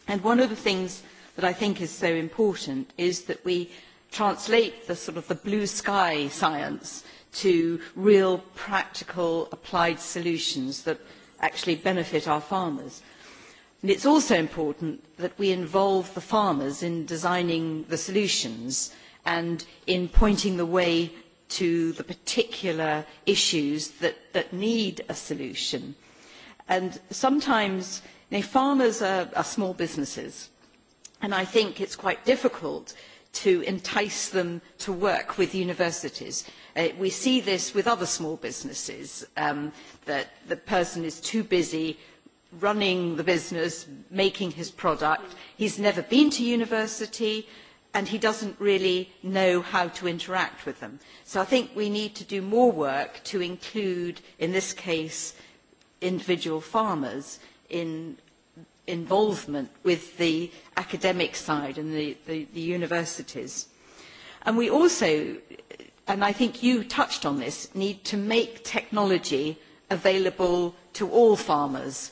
And one of the things that I think is so important is that we translate the sort of the blue sky science to real practical applied solutions that actually benefit our farmers. It is also important that we involve the farmers in designing the solutions and in pointing the way to the particular issues that need a solution. Sometimes farmers are small businesses and I think it is quite difficult to entice them to work with universities. We see this with other small businesses that the person is too busy running the business, making his product. He's never been to university and he doesn't really know how to interact with them. So I think we need to do more work to include, in this case, individual farmers in involvement with the academic side and the universities. And we also, and I think you touched on this, need to make technology available to all farmers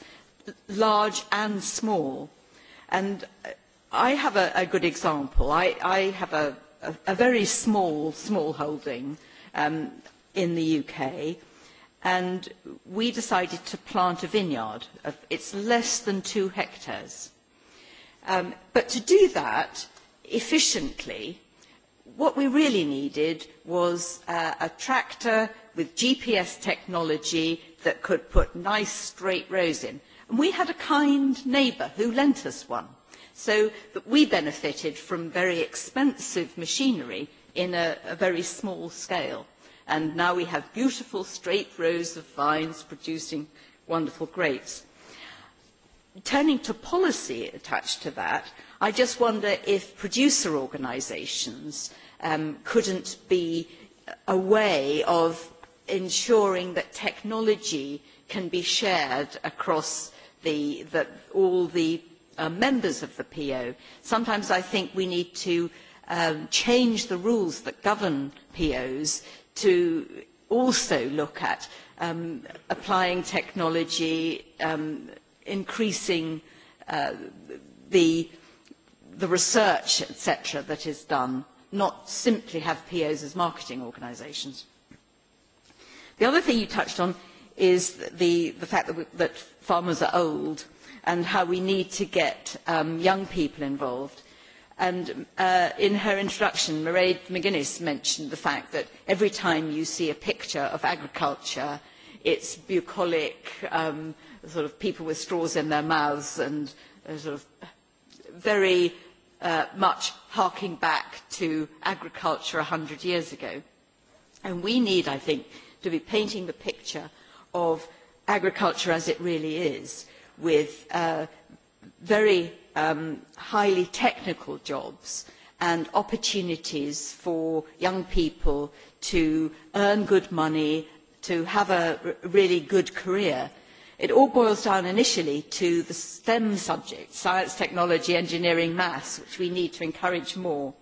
large and small. And I have a good example. I have a very small, small holding in the UK, and we decided to plant a vineyard. It's less than two hectares. But to do that efficiently, what we really needed was a tractor with GPS technology that could put nice straight rows in. We had a kind neighbour who lent us one, so that we benefited from very expensive machinery in a very small scale. And now we have beautiful straight rows of vines producing wonderful grapes. Turning to policy attached to that, I just wonder if producer organisations couldn't be a way of ensuring that technology can be shared across that all the members of the PO. Sometimes I think we need to change the rules that govern POs to also look at applying technology, increasing the research, etc., that is done, not simply have POs as marketing organisations. The other thing you touched on is the fact that farmers are old and how we need to get young people involved. and In her introduction, Mairead McGuinness mentioned the fact that every time you see a picture of agriculture, it's bucolic, sort of people with straws in their mouths and sort of very much harking back to agriculture 100 years ago. And we need, I think, to be painting the picture of agriculture as it really is, with very highly technical jobs and opportunities for young people to earn good money, to have a really good career. It all boils down initially to the STEM subjects, science, technology, engineering, maths, which we need to encourage more.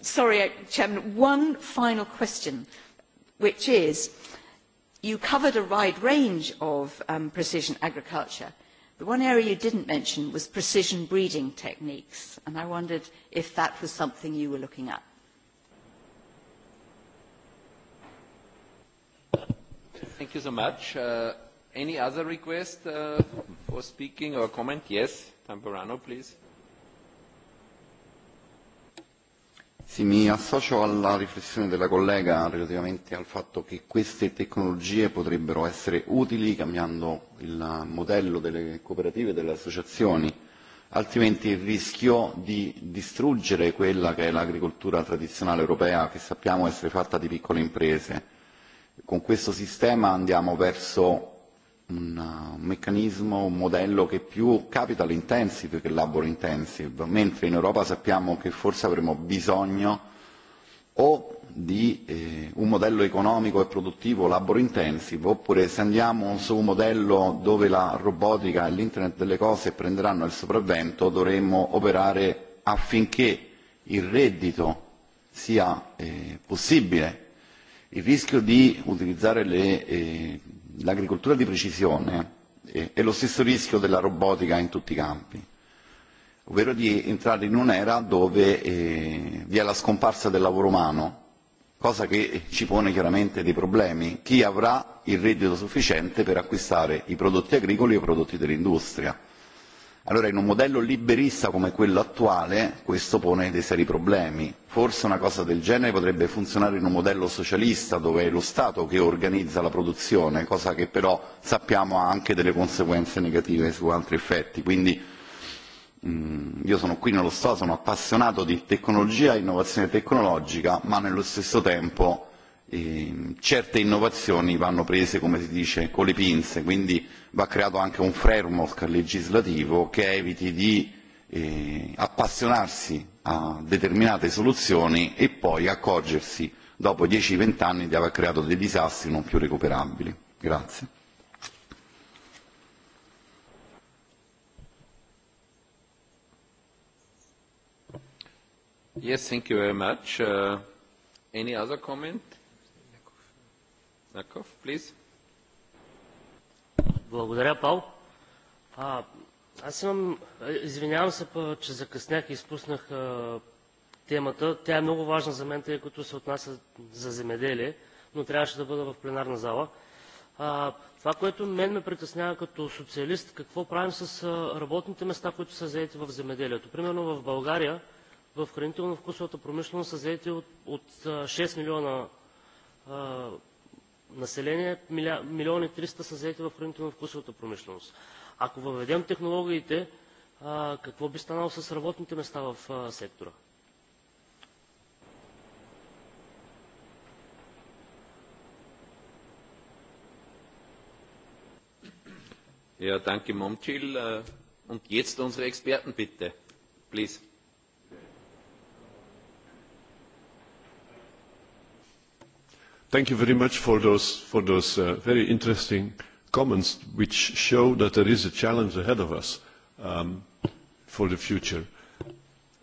Sorry, Chairman, one final question, which is you covered a wide range of precision agriculture. The one area you didn't mention was precision breeding techniques, and I wondered if that was something you were looking at. Thank you so much. Any other request for speaking or comment? Yes, Tamburano, please. Sì, mi associo alla riflessione della collega relativamente al fatto che queste tecnologie potrebbero essere utili cambiando il modello delle cooperative e delle associazioni, altrimenti il rischio di distruggere quella che è l'agricoltura tradizionale europea che sappiamo essere fatta di piccole imprese. Con questo sistema andiamo verso un meccanismo, un modello che è più capital intensive che labor intensive, mentre in Europa sappiamo che forse avremo bisogno o di un modello economico e produttivo labor intensive, oppure se andiamo su un modello dove la robotica e l'internet delle cose prenderanno il sopravvento, dovremmo operare affinché il reddito sia possibile. Il rischio di utilizzare le l'agricoltura di precisione è lo stesso rischio della robotica in tutti i campi, ovvero di entrare in un'era dove vi è la scomparsa del lavoro umano, cosa che ci pone chiaramente dei problemi. Chi avrà il reddito sufficiente per acquistare i prodotti agricoli e i prodotti dell'industria? Allora in un modello liberista come quello attuale questo pone dei seri problemi. Forse una cosa del genere potrebbe funzionare in un modello socialista dove è lo Stato che organizza la produzione, cosa che però sappiamo ha anche delle conseguenze negative su altri effetti. Quindi io sono qui, non lo so, sono appassionato di tecnologia e innovazione tecnologica, ma nello stesso tempo certe innovazioni vanno prese, come si dice, con le pinze, quindi va creato anche un framework legislativo che eviti di appassionarsi a determinate soluzioni e poi accorgersi dopo 10-20 anni di aver creato dei disastri non più recuperabili. Grazie. Знаков, please. Благодаря, Пал. А, аз имам... Извинявам се, че закъснях и изпуснах темата. Тя е много важна за мен, тъй като се отнася за земеделие, но трябваше да бъда в пленарна зала. А, това, което мен ме притеснява като социалист, какво правим с работните места, които са заети в земеделието. Примерно в България, в хранително-вкусовата промишленост са заети от, от 6 милиона население милион и триста са заети в хранително-вкусовата промишленост. Ако въведем технологиите, какво би станало с работните места в сектора? Ja, danke Momchil. Und jetzt unsere Experten bitte. Please. Thank you very much for those for those very interesting comments, which show that there is a challenge ahead of us for the future.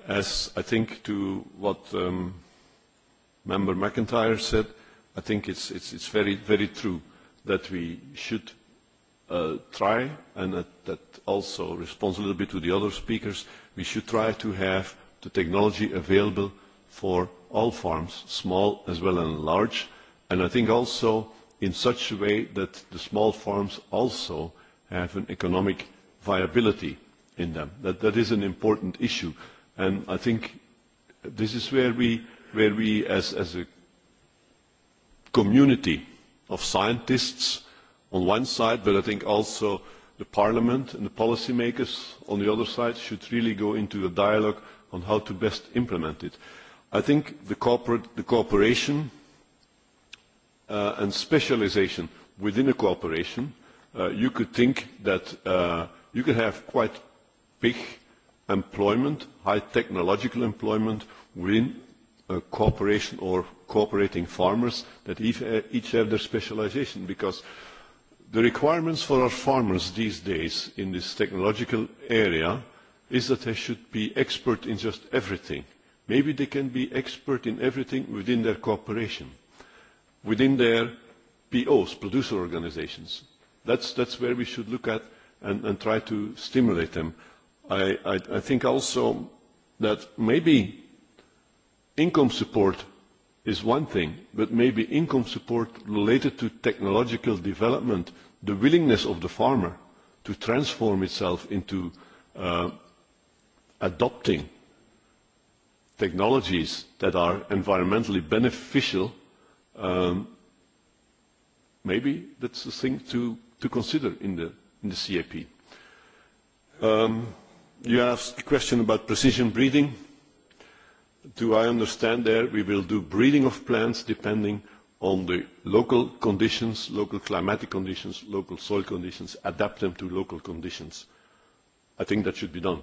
As I think to what Member McIntyre said, I think it's it's very very true that we should try, and that also responds a little bit to the other speakers, we should try to have the technology available for all farms, small as well as large and I think also in such a way that the small farms also have an economic viability in them. That that is an important issue, and I think this is where we where we as as a community of scientists on one side, but I think also the Parliament and the policy policymakers on the other side should really go into a dialogue on how to best implement it. I think the cooperation and specialisation within a corporation, you could think that you could have quite big employment, high technological employment within a cooperation or cooperating farmers that each have their specialisation because the requirements for our farmers these days in this technological area is that they should be expert in just everything. Maybe they can be expert in everything within their cooperation within their POs, producer organizations. That's, that's where we should look at and, and try to stimulate them. I, I, think also that maybe income support is one thing, but maybe income support related to technological development, the willingness of the farmer to transform itself into adopting technologies that are environmentally beneficial Maybe that's a thing to to consider in the in the CAP. You asked a question about precision breeding. Do I understand there we will do breeding of plants depending on the local conditions, local climatic conditions, local soil conditions, adapt them to local conditions. I think that should be done.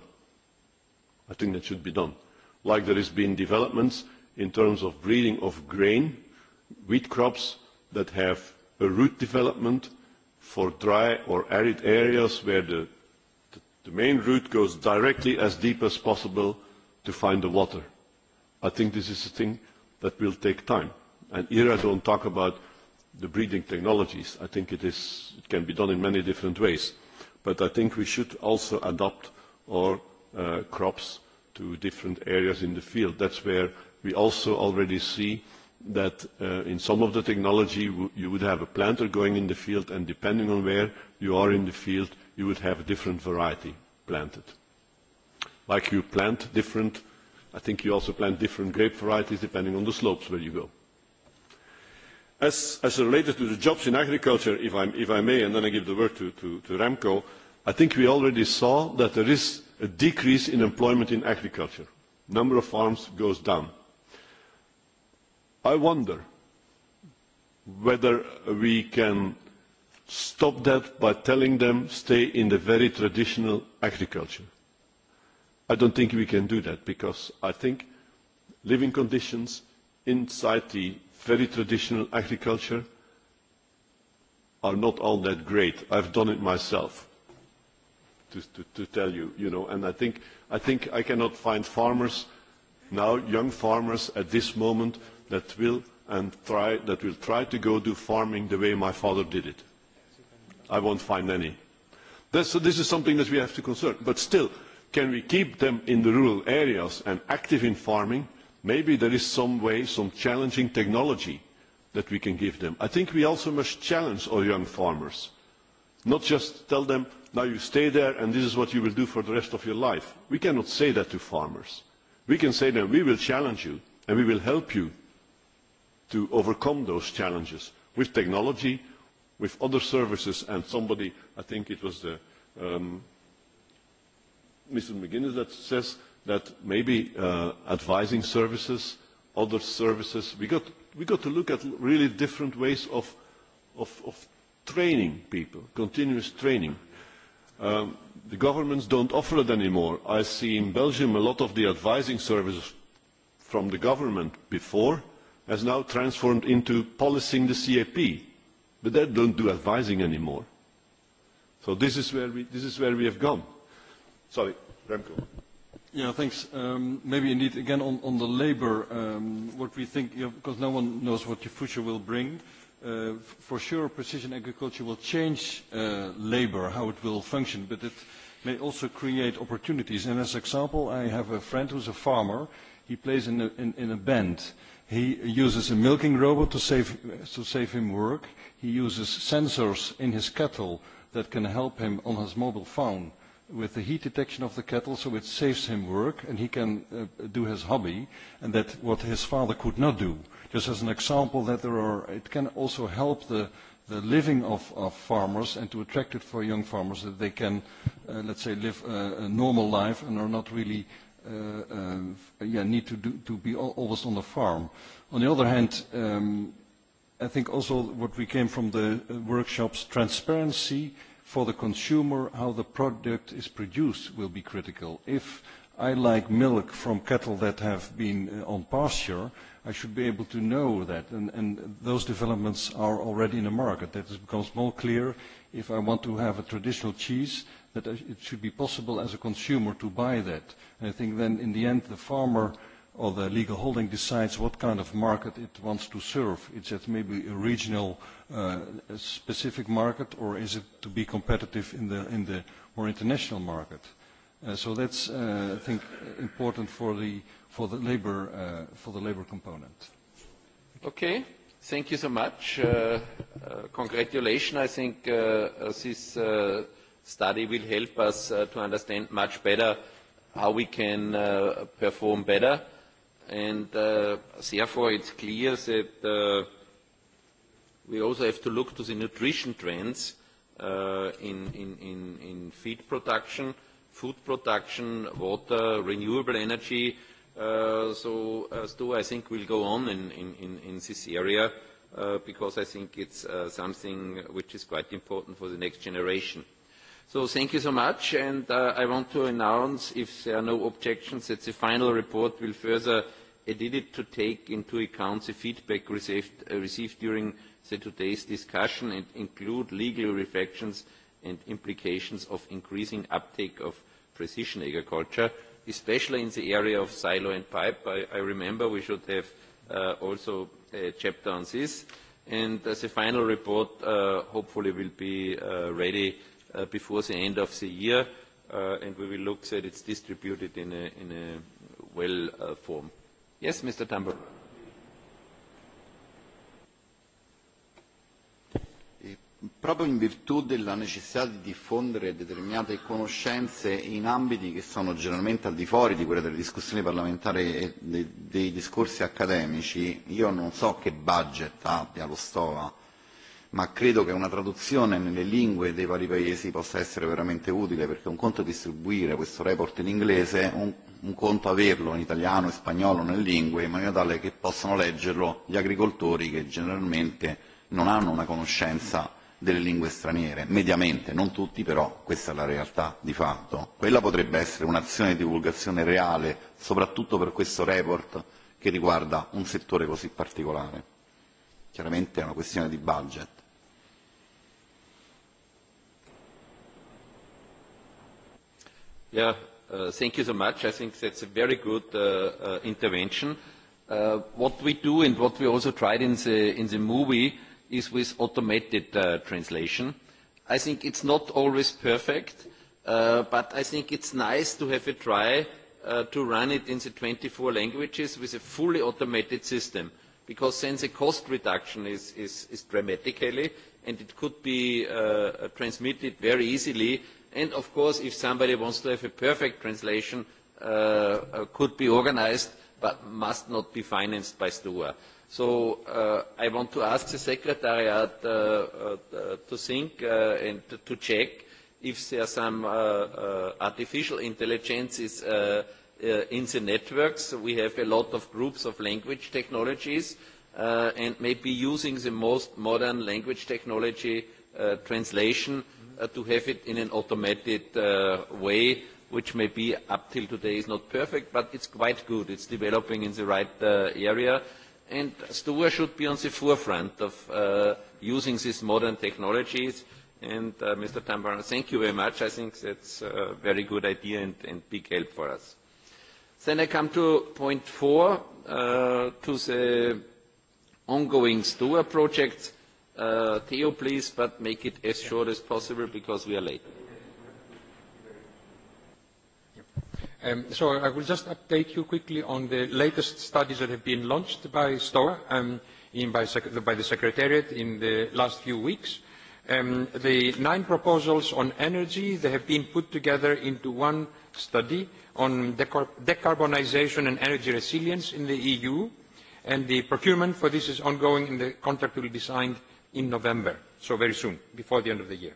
I think that should be done. Like there has been developments in terms of breeding of grain wheat crops that have a root development for dry or arid areas where the main root goes directly as deep as possible to find the water. I think this is a thing that will take time. And here I don't talk about the breeding technologies. I think it is it can be done in many different ways. But I think we should also adopt our crops to different areas in the field. That's where we also already see that in some of the technology you would have a planter going in the field and depending on where you are in the field you would have a different variety planted. Like you plant different, I think you also plant different grape varieties depending on the slopes where you go. As related to the jobs in agriculture, if I may, and then I give the word to Remco, I think we already saw that there is a decrease in employment in agriculture. Number of farms goes down I wonder whether we can stop that by telling them stay in the very traditional agriculture. I don't think we can do that because I think living conditions inside the very traditional agriculture are not all that great. I've done it myself, to tell you, you know, and I think I cannot find farmers now, young farmers at this moment that will try to go do farming the way my father did it. I won't find any. This is something that we have to consider. But still, can we keep them in the rural areas and active in farming? Maybe there is some way, some challenging technology that we can give them. I think we also must challenge our young farmers. Not just tell them, now you stay there and this is what you will do for the rest of your life. We cannot say that to farmers. We can say that we will challenge you and we will help you to overcome those challenges with technology, with other services, and somebody, I think it was the Mr. McGuinness that says that maybe advising services, other services, we got we got to look at really different ways of of training people, continuous training. The governments don't offer it anymore. I see in Belgium a lot of the advising services from the government before has now transformed into policing the CAP, but they don't do advising anymore. So this is where we this is where we have gone. Sorry, Remco. Yeah, thanks. Maybe indeed again on on the um, what we think, because no one knows what the future will bring. For sure, precision agriculture will change labor, how it will function, but it may also create opportunities. And as an example, I have a friend who's a farmer. He plays in in a band He uses a milking robot to save him work. He uses sensors in his kettle that can help him on his mobile phone with the heat detection of the kettle so it saves him work and he can do his hobby, and that what his father could not do. Just as an example, that there are, it can also help the the living of farmers and to attract it for young farmers that they can, let's say, live a normal life and are not really yeah, need to, do, to be always on the farm. On the other hand, um, I think also what we came from the workshops, transparency for the consumer, how the product is produced will be critical. If I like milk from cattle that have been on pasture, I should be able to know that. And and those developments are already in the market. That becomes more clear if I want to have a traditional cheese, that it should be possible as a consumer to buy that. I think then in the end the farmer or the legal holding decides what kind of market it wants to serve. Is it maybe a regional specific market or is it to be competitive in the more international market? So that's, I think, important for the for the labor for the labor component. Okay, thank you so much. Congratulations. I think this study will help us to understand much better how we can perform better, and therefore it's clear that we also have to look to the nutrition trends in in in feed production food production, water, renewable energy. So Stu, I think we'll go on in in this area because I think it's something which is quite important for the next generation. So thank you so much, and I want to announce, if there are no objections, that the final report will further edit it to take into account the feedback received during today's discussion and include legal reflections and implications of increasing uptake of precision agriculture, especially in the area of silo and pipe. I remember we should have also a chapter on this. And the final report hopefully will be ready before the end of the year, and we will look that it's distributed in a well form. Yes, Mr. Tambor. proprio in virtù della necessità di diffondere determinate conoscenze in ambiti che sono generalmente al di fuori di quelle delle discussioni parlamentari e dei discorsi accademici, io non so che budget abbia lo STOA, ma credo che una traduzione nelle lingue dei vari paesi possa essere veramente utile, perché un conto è distribuire questo report in inglese, un conto averlo in italiano, e spagnolo, nelle lingue, in maniera tale che possano leggerlo gli agricoltori che generalmente non hanno una conoscenza delle lingue straniere, mediamente, non tutti però, questa è la realtà di fatto. Quella potrebbe essere un'azione di divulgazione reale, soprattutto per questo report che riguarda un settore così particolare. Chiaramente è una questione di budget. Yeah, thank you so much. I think that's a very good intervention. What we do and what we also tried in the movie is with automated translation. I think it's not always perfect, but I think it's nice to have a try to run it in the 24 languages with a fully automated system, because then the cost reduction is dramatically, and it could be transmitted very easily. And, of course, if somebody wants to have a perfect translation, could be organized, but must not be financed by STOA. So I want to ask the Secretariat to think and to check if there are some artificial intelligences in the networks. We have a lot of groups of language technologies and maybe using the most modern language technology translation to have it in an automated way, which maybe up till today is not perfect, but it's quite good. It's developing in the right area and Stura should be on the forefront of using these modern technologies. And Mr. Tamburano, thank you very much. I think that's a very good idea and big help for us. Then I come to point four, to the ongoing stoa projects. Theo, please, but make it as short as possible because we are late. So I will just update you quickly on the latest studies that have been launched by STOA by the Secretariat in the last few weeks. The nine proposals on energy, they have been put together into one study on decarbonization and energy resilience in the EU, and the procurement for this is ongoing and the contract will be signed in November, so very soon, before the end of the year.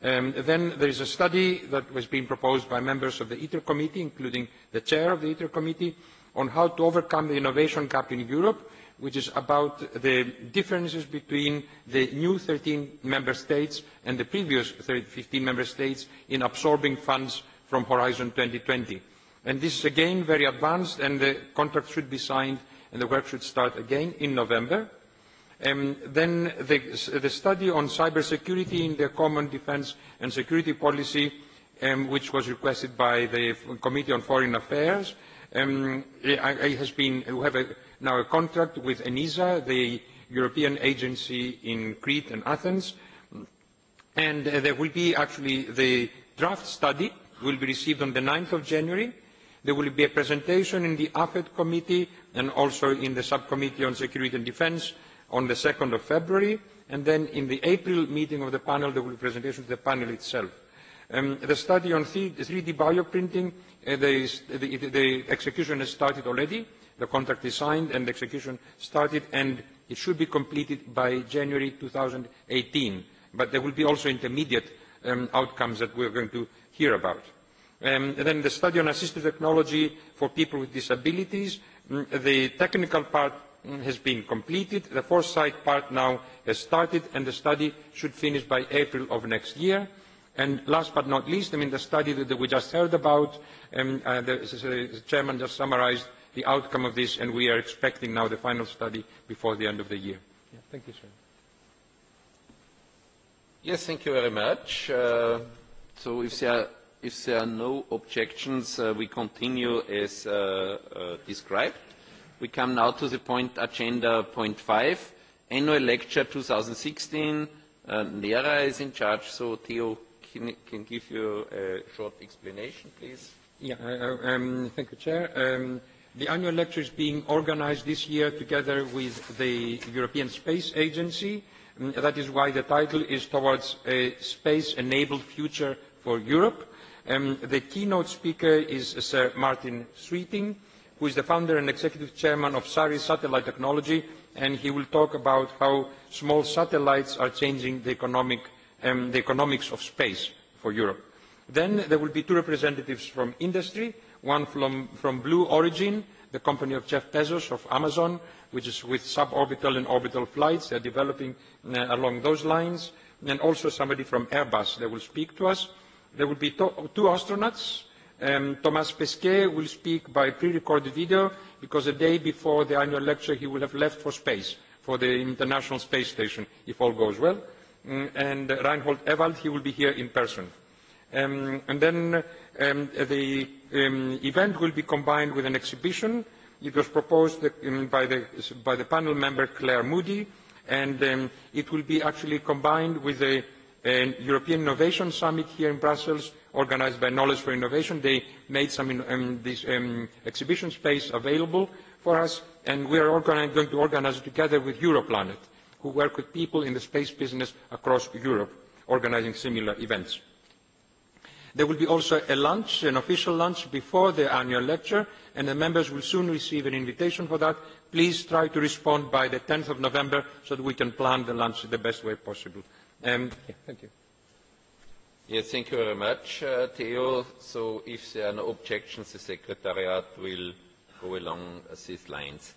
Then there is a study that was being proposed by members of the ITER committee, including the chair of the ITER committee, on how to overcome the innovation gap in Europe, which is about the differences between the new 13 member states and the previous 15 member states in absorbing funds from Horizon 2020. And this is again very advanced, and the contract should be signed and the work should start again in November. Then the study on cybersecurity in the Common Defence and Security Policy, which was requested by the Committee on Foreign Affairs, has been. We have now a contract with ENISA, the European agency in Crete and Athens, and there will be actually the draft study will be received on the 9 of January. There will be a presentation in the AFET committee and also in the subcommittee on security and defence on the 2nd of February, and then in the April meeting of the panel, there will be presentation to the panel itself. The study on 3D bioprinting, the execution has started already. The contract is signed and the execution started, and it should be completed by January 2018. But there will be also intermediate outcomes that we are going to hear about. Then the study on assistive technology for people with disabilities. The technical part has been completed. The foresight part now has started and the study should finish by April of next year. And last but not least, I mean, the study that we just heard about, the chairman just summarized the outcome of this, and we are expecting now the final study before the end of the year. Thank you, sir. Yes, thank you very much. So if there are no objections, we continue as described. We come now to the point agenda point five, annual lecture 2016. Nera is in charge, so Theo can give you a short explanation, please. thank you, Chair. The annual lecture is being organized this year together with the European Space Agency. That is why the title is Towards a Space-Enabled Future for Europe. The keynote speaker is Sir Martin Sweeting who is the founder and executive chairman of SARI Satellite Technology, and he will talk about how small satellites are changing the economics of space for Europe. Then there will be two representatives from industry, one from Blue Origin, the company of Jeff Bezos of Amazon, which is with suborbital and orbital flights. They are developing along those lines. And also somebody from Airbus that will speak to us. There will be two astronauts Thomas Pesquet will speak by pre-recorded video because the day before the annual lecture he will have left for space, for the International Space Station, if all goes well. And Reinhold Ewald, he will be here in person. And then the event will be combined with an exhibition. It was proposed by the panel member Claire Moody, and it will be actually combined with the European Innovation Summit here in Brussels organized by Knowledge for Innovation. They made some exhibition space available for us, and we are going to organize it together with Europlanet, who work with people in the space business across Europe, organizing similar events. There will be also a lunch, an official lunch, before the annual lecture, and the members will soon receive an invitation for that. Please try to respond by the 10th of November so that we can plan the lunch in the best way possible. Thank you. Yes, thank you very much, Theo. So if there are no objections, the Secretariat will go along these lines.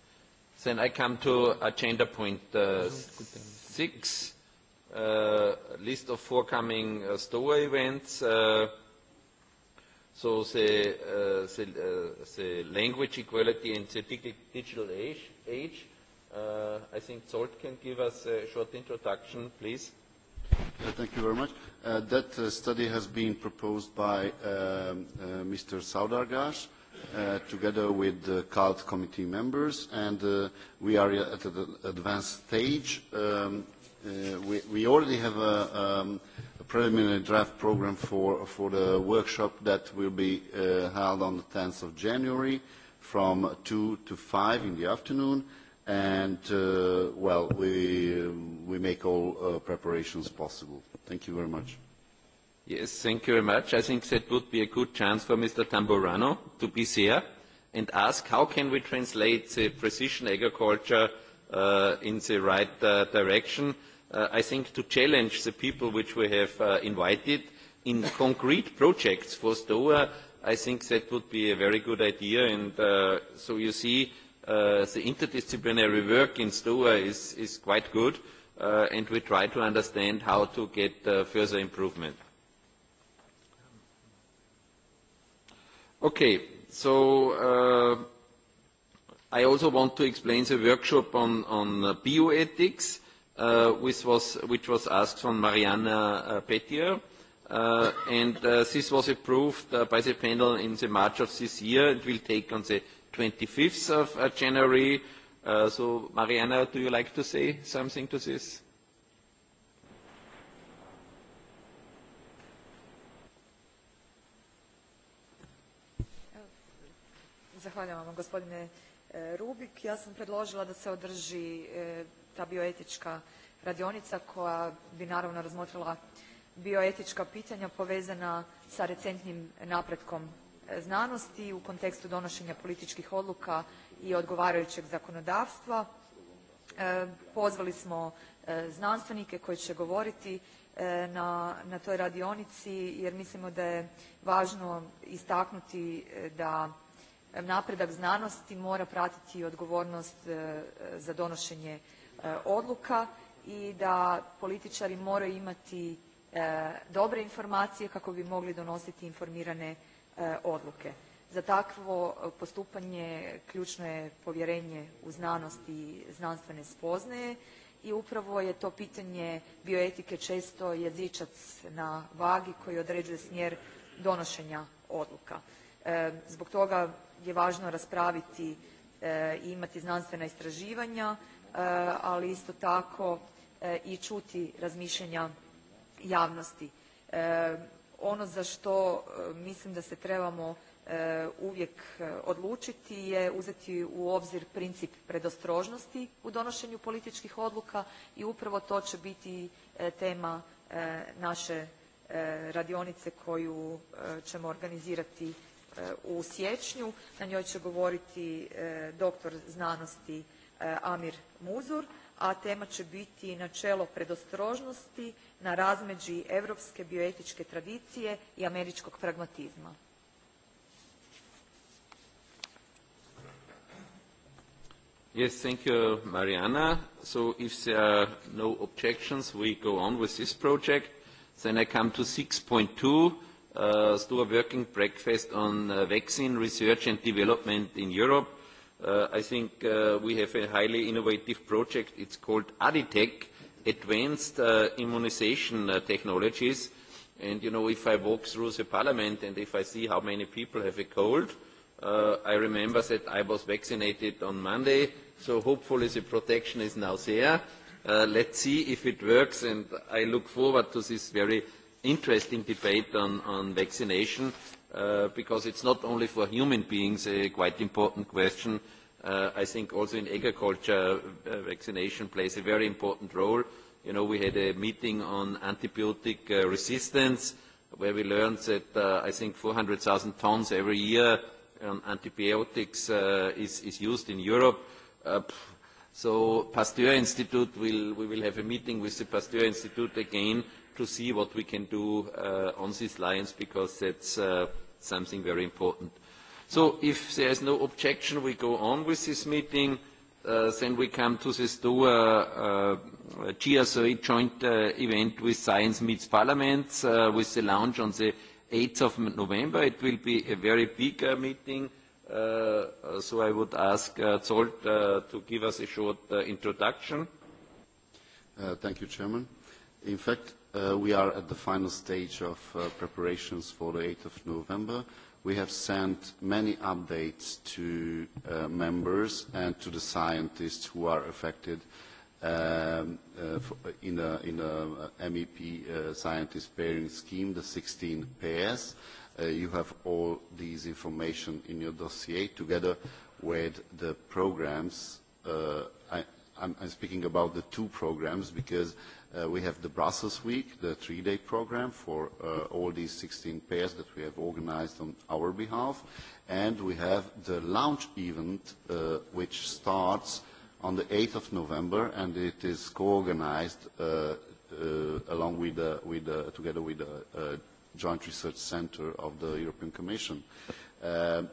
Then I come to agenda point six, list of forthcoming STOA events. So the language equality in the digital age. I think Zolt can give us a short introduction, please. Thank you very much. That study has been proposed by Mr. Saudargas together with the CALT committee members, and we are at an advanced stage. We already have a preliminary draft program for the workshop that will be held on the 10th of January from 2 to 5 in the afternoon and well we we make all preparations possible thank you very much yes thank you very much i think that would be a good chance for mr tamburano to be there and ask how can we translate the precision agriculture in the right direction i think to challenge the people which we have invited in concrete projects for stoa i think that would be a very good idea and so you see the interdisciplinary work in STOA is quite good, and we try to understand how to get further improvement. Okay, so I also want to explain the workshop on bioethics, which was asked from Mariana Petier, and this was approved by the panel in the March of this year. It will take on the 25th of January. So, Mariana, do you like to say something to this? Zahvaljujem vam, gospodine Rubik. Ja sam predložila da se održi ta bioetička radionica koja bi naravno razmotrila bioetička pitanja povezana sa recentnim napretkom znanosti u kontekstu donošenja političkih odluka i odgovarajućeg zakonodavstva. Pozvali smo znanstvenike koji će govoriti na, toj radionici jer mislimo da je važno istaknuti da napredak znanosti mora pratiti odgovornost za donošenje odluka i da političari moraju imati dobre informacije kako bi mogli donositi informirane odluke. Za takvo postupanje ključno je povjerenje u znanost i znanstvene spoznaje i upravo je to pitanje bioetike često jezičac na vagi koji određuje smjer donošenja odluka. Zbog toga je važno raspraviti i imati znanstvena istraživanja, ali isto tako i čuti razmišljanja javnosti ono za što mislim da se trebamo uvijek odlučiti je uzeti u obzir princip predostrožnosti u donošenju političkih odluka i upravo to će biti tema naše radionice koju ćemo organizirati u siječnju. Na njoj će govoriti doktor znanosti Amir Muzur, a tema će biti načelo predostrožnosti na razmeđi europske bioetičke tradicije i američkog pragmatizma. Yes, thank you, Mariana. So if there are no objections, we go on with this project. Then I come to 6.2, uh, a Working Breakfast on Vaccine Research and Development in Europe I think we have a highly innovative project. It's called Aditech Advanced Immunisation Technologies. And, you know, if I walk through the parliament and if I see how many people have a cold, I remember that I was vaccinated on Monday, so hopefully the protection is now there. Let's see if it works, and I look forward to this very interesting debate on vaccination because it's not only for human beings a quite important question. I think also in agriculture vaccination plays a very important role. You know, we had a meeting on antibiotic resistance where we learned that I think 400,000 tons every year on antibiotics is used in Europe. So Pasteur Institute, we will have a meeting with the Pasteur Institute again to see what we can do on these lines because that's something very important. So if there is no objection, we go on with this meeting. Then we come to this Doha GSA joint event with Science Meets Parliament with the launch on the 8th of November. It will be a very big meeting, so I would ask Zolt to give us a short introduction. Thank you, Chairman. In fact, we are at the final stage of preparations for the 8th of November. We have sent many updates to members and to the scientists who are affected in the MEP scientist pairing scheme, the 16 PS. You have all these information in your dossier together with the programs. I'm speaking about the two programs because We have the Brussels Week, the three-day program for all these 16 pairs that we have organized on our behalf. And we have the launch event, which starts on the 8th of November, and it is co-organized along with the, together with the Joint Research Center of the European Commission.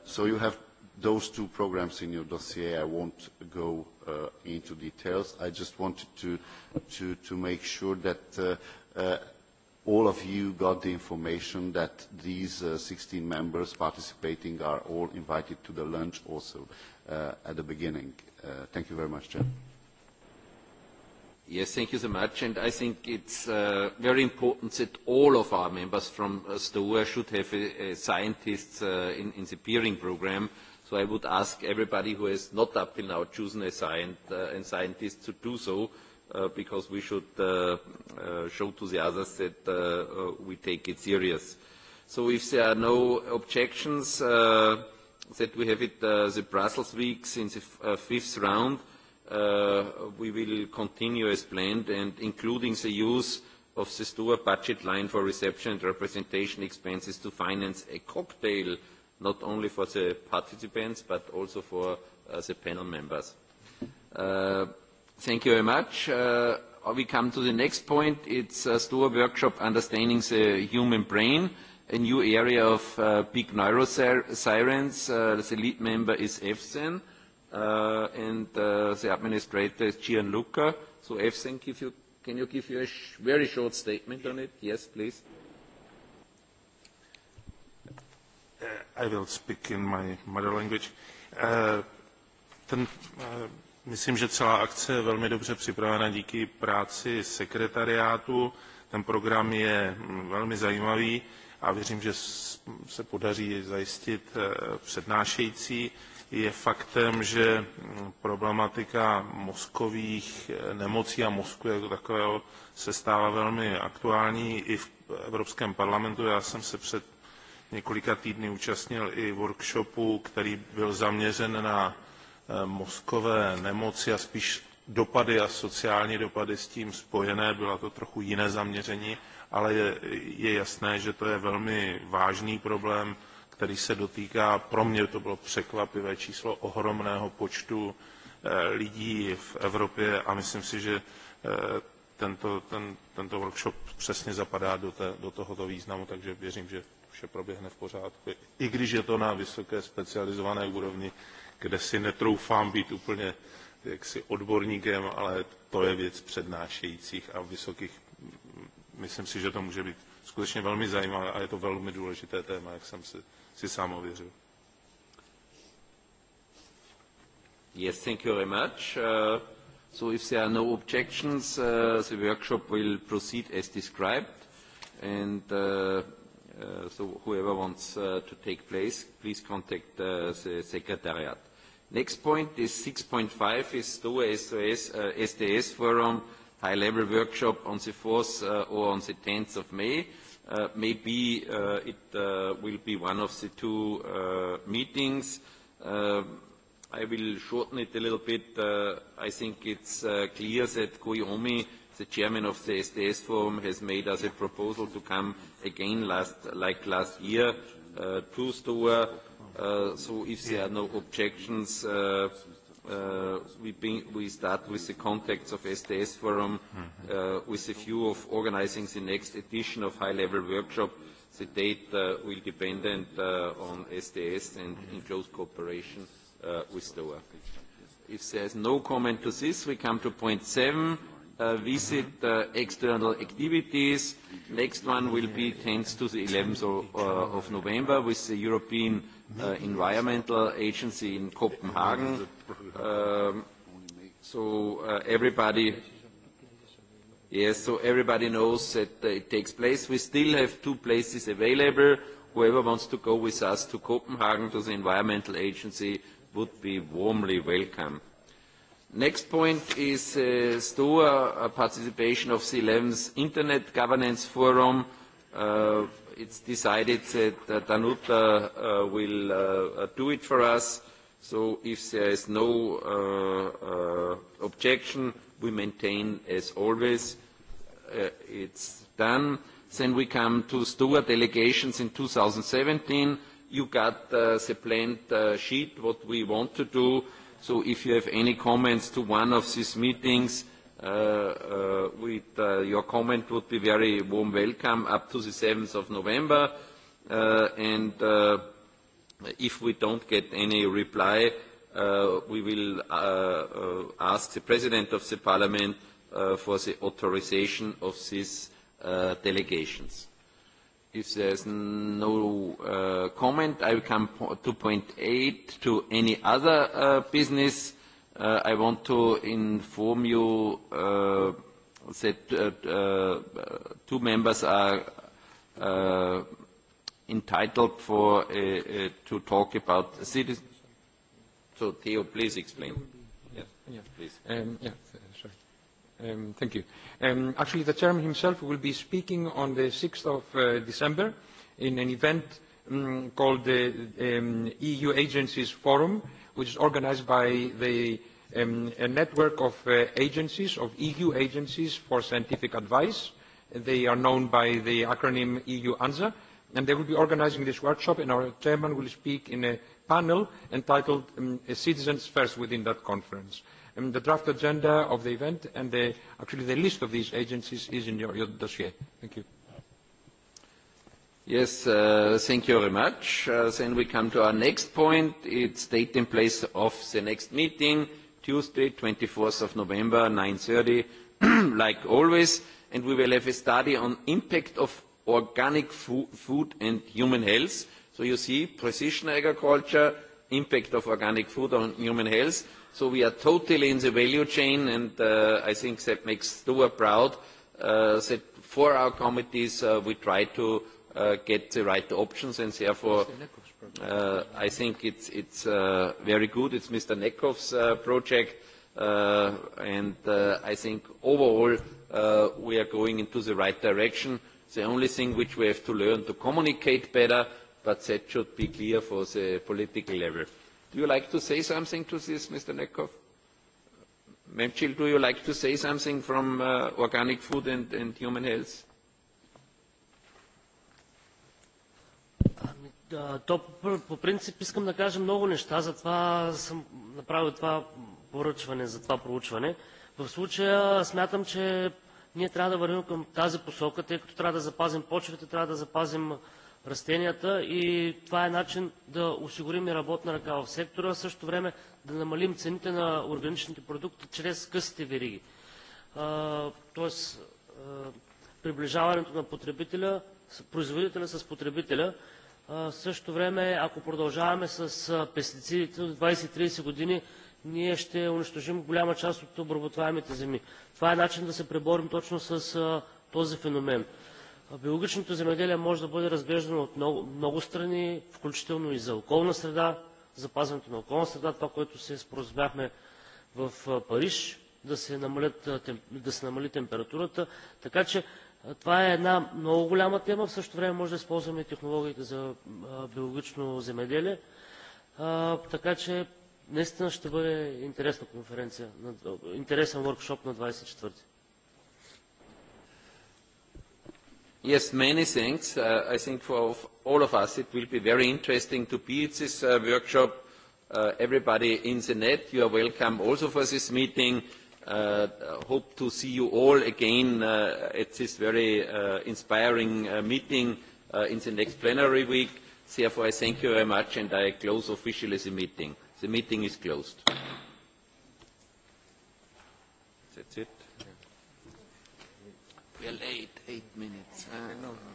So you have those two programs in your dossier, I won't go into details. I just wanted to make sure that all of you got the information that these 16 members participating are all invited to the lunch also at the beginning. Thank you very much, Chair. Yes, thank you so much. And I think it's very important that all of our members from STOA should have scientists in the peering program So I would ask everybody who has not up till now chosen a scientist to do so, because we should show to the others that we take it serious. So if there are no objections, that we have it the Brussels weeks in the fifth round, we will continue as planned, and including the use of the store budget line for reception and representation expenses to finance a cocktail not only for the participants but also for the panel members. Thank you very much. We come to the next point. It's a store workshop understanding the human brain, a new area of big neuroscience. The lead member is EFSEN and the administrator is Gianluca. So EFSEN, can you give you a very short statement on it? Yes, please. I will speak in my mother language. Myslím, že celá akce je velmi dobře připravena díky práci sekretariátu. Ten program je velmi zajímavý a věřím, že se podaří zajistit přednášející. Je faktem, že problematika mozkových nemocí a mozku jako takového se stává velmi aktuální i v Evropském parlamentu. Já jsem se před několika týdny účastnil i workshopu, který byl zaměřen na mozkové nemoci a spíš dopady a sociální dopady s tím spojené. Byla to trochu jiné zaměření, ale je jasné, že to je velmi vážný problém, který se dotýká, pro mě to bylo překvapivé číslo ohromného počtu lidí v Evropě a myslím si, že tento workshop přesně zapadá do tohoto významu, takže věřím, že vše proběhne v pořádku, i když je to na vysoké specializované úrovni, kde si netroufám být úplně jaksi odborníkem, ale to je věc přednášejících a vysokých. Myslím si, že to může být skutečně velmi zajímavé a je to velmi důležité téma, jak jsem si, si sám ověřil. Yes, thank you very much. Uh, so if there are no objections, uh, the workshop will proceed as described and uh, so whoever wants to take place, please contact the Secretariat. Next point is 6.5 is the SDS Forum high-level workshop on the 4th or on the 10th of May. Maybe it will be one of the two meetings. I will shorten it a little bit. I think it's clear that Koyomi The chairman of the SDS Forum has made us a proposal to come again last like last year to Stoa. So if there are no objections, we start with the contacts of SDS Forum with a view of organizing the next edition of high-level workshop. The date will depend on SDS and in close cooperation with Stoa. If there is no comment to this, we come to point seven visit external activities. Next one will be 10 to the 11th of November with the European Environmental Agency in Copenhagen. So everybody, yes, so everybody knows that it takes place. We still have two places available. Whoever wants to go with us to Copenhagen to the Environmental Agency would be warmly welcome. Next point is STOA participation of the 11 Internet Governance Forum. It's decided that Danuta will do it for us. So if there is no objection, we maintain as always. It's done. Then we come to STOA delegations in 2017. You got the planned sheet, what we want to do. So if you have any comments to one of these meetings, your comment would be very warm welcome up to the 7th of November. And if we don't get any reply, we will ask the President of the Parliament for the authorization of these delegations. If there's no comment, I will come to point eight to any other business. I want to inform you that two members are entitled for to talk about citizens. So Theo, please explain. Yes, please. Thank you. Actually, the chairman himself will be speaking on the 6th of December in an event called the EU Agencies Forum, which is organized by the network of agencies, of EU agencies for scientific advice. They are known by the acronym EU ANSA, and they will be organizing this workshop, and our chairman will speak in a panel entitled Citizens First within that conference the draft agenda of the event and the, actually the list of these agencies is in your, your dossier. Thank you. Yes, thank you very much. Then we come to our next point. It's date and place of the next meeting, Tuesday, 24th of November, 9.30, like always. And we will have a study on impact of organic food and human health. So you see, precision agriculture, impact of organic food on human health. So we are totally in the value chain, and I think that makes Stuart proud that for our committees we try to get the right options, and therefore I think it's very good. It's Mr. Nekov's project, and I think overall we are going into the right direction. The only thing which we have to learn to communicate better but that should be clear for the political level. Do you like to say something to this, Mr. Nekov? Memchil, do you like to say something from organic food and human health? То по принцип искам да кажа много неща, затова съм направил това поръчване, за това проучване. В случая смятам, че ние трябва да вървим към тази посока, тъй като трябва да запазим почвите, трябва да запазим растенията и това е начин да осигурим и работна ръка в сектора, а също време да намалим цените на органичните продукти чрез късите вериги. Тоест, приближаването на потребителя, производителя с потребителя. В същото време, ако продължаваме с пестицидите от 20-30 години, ние ще унищожим голяма част от обработваемите земи. Това е начин да се преборим точно с този феномен. Биологичното земеделие може да бъде разглеждано от много, много страни, включително и за околна среда, запазването на околна среда, това, което се споразумяхме в Париж, да се, намалят, да се намали температурата. Така че това е една много голяма тема. В същото време може да използваме технологиите за биологично земеделие. Така че наистина ще бъде интересна конференция, интересен workshop на 24-ти. Yes, many thanks. I think for all of us it will be very interesting to be at this workshop. Everybody in the net, you are welcome also for this meeting. Hope to see you all again at this very inspiring meeting in the next plenary week. Therefore, I thank you very much and I close officially the meeting. The meeting is closed. That's it. We are late, eight minutes. Α, ενώ.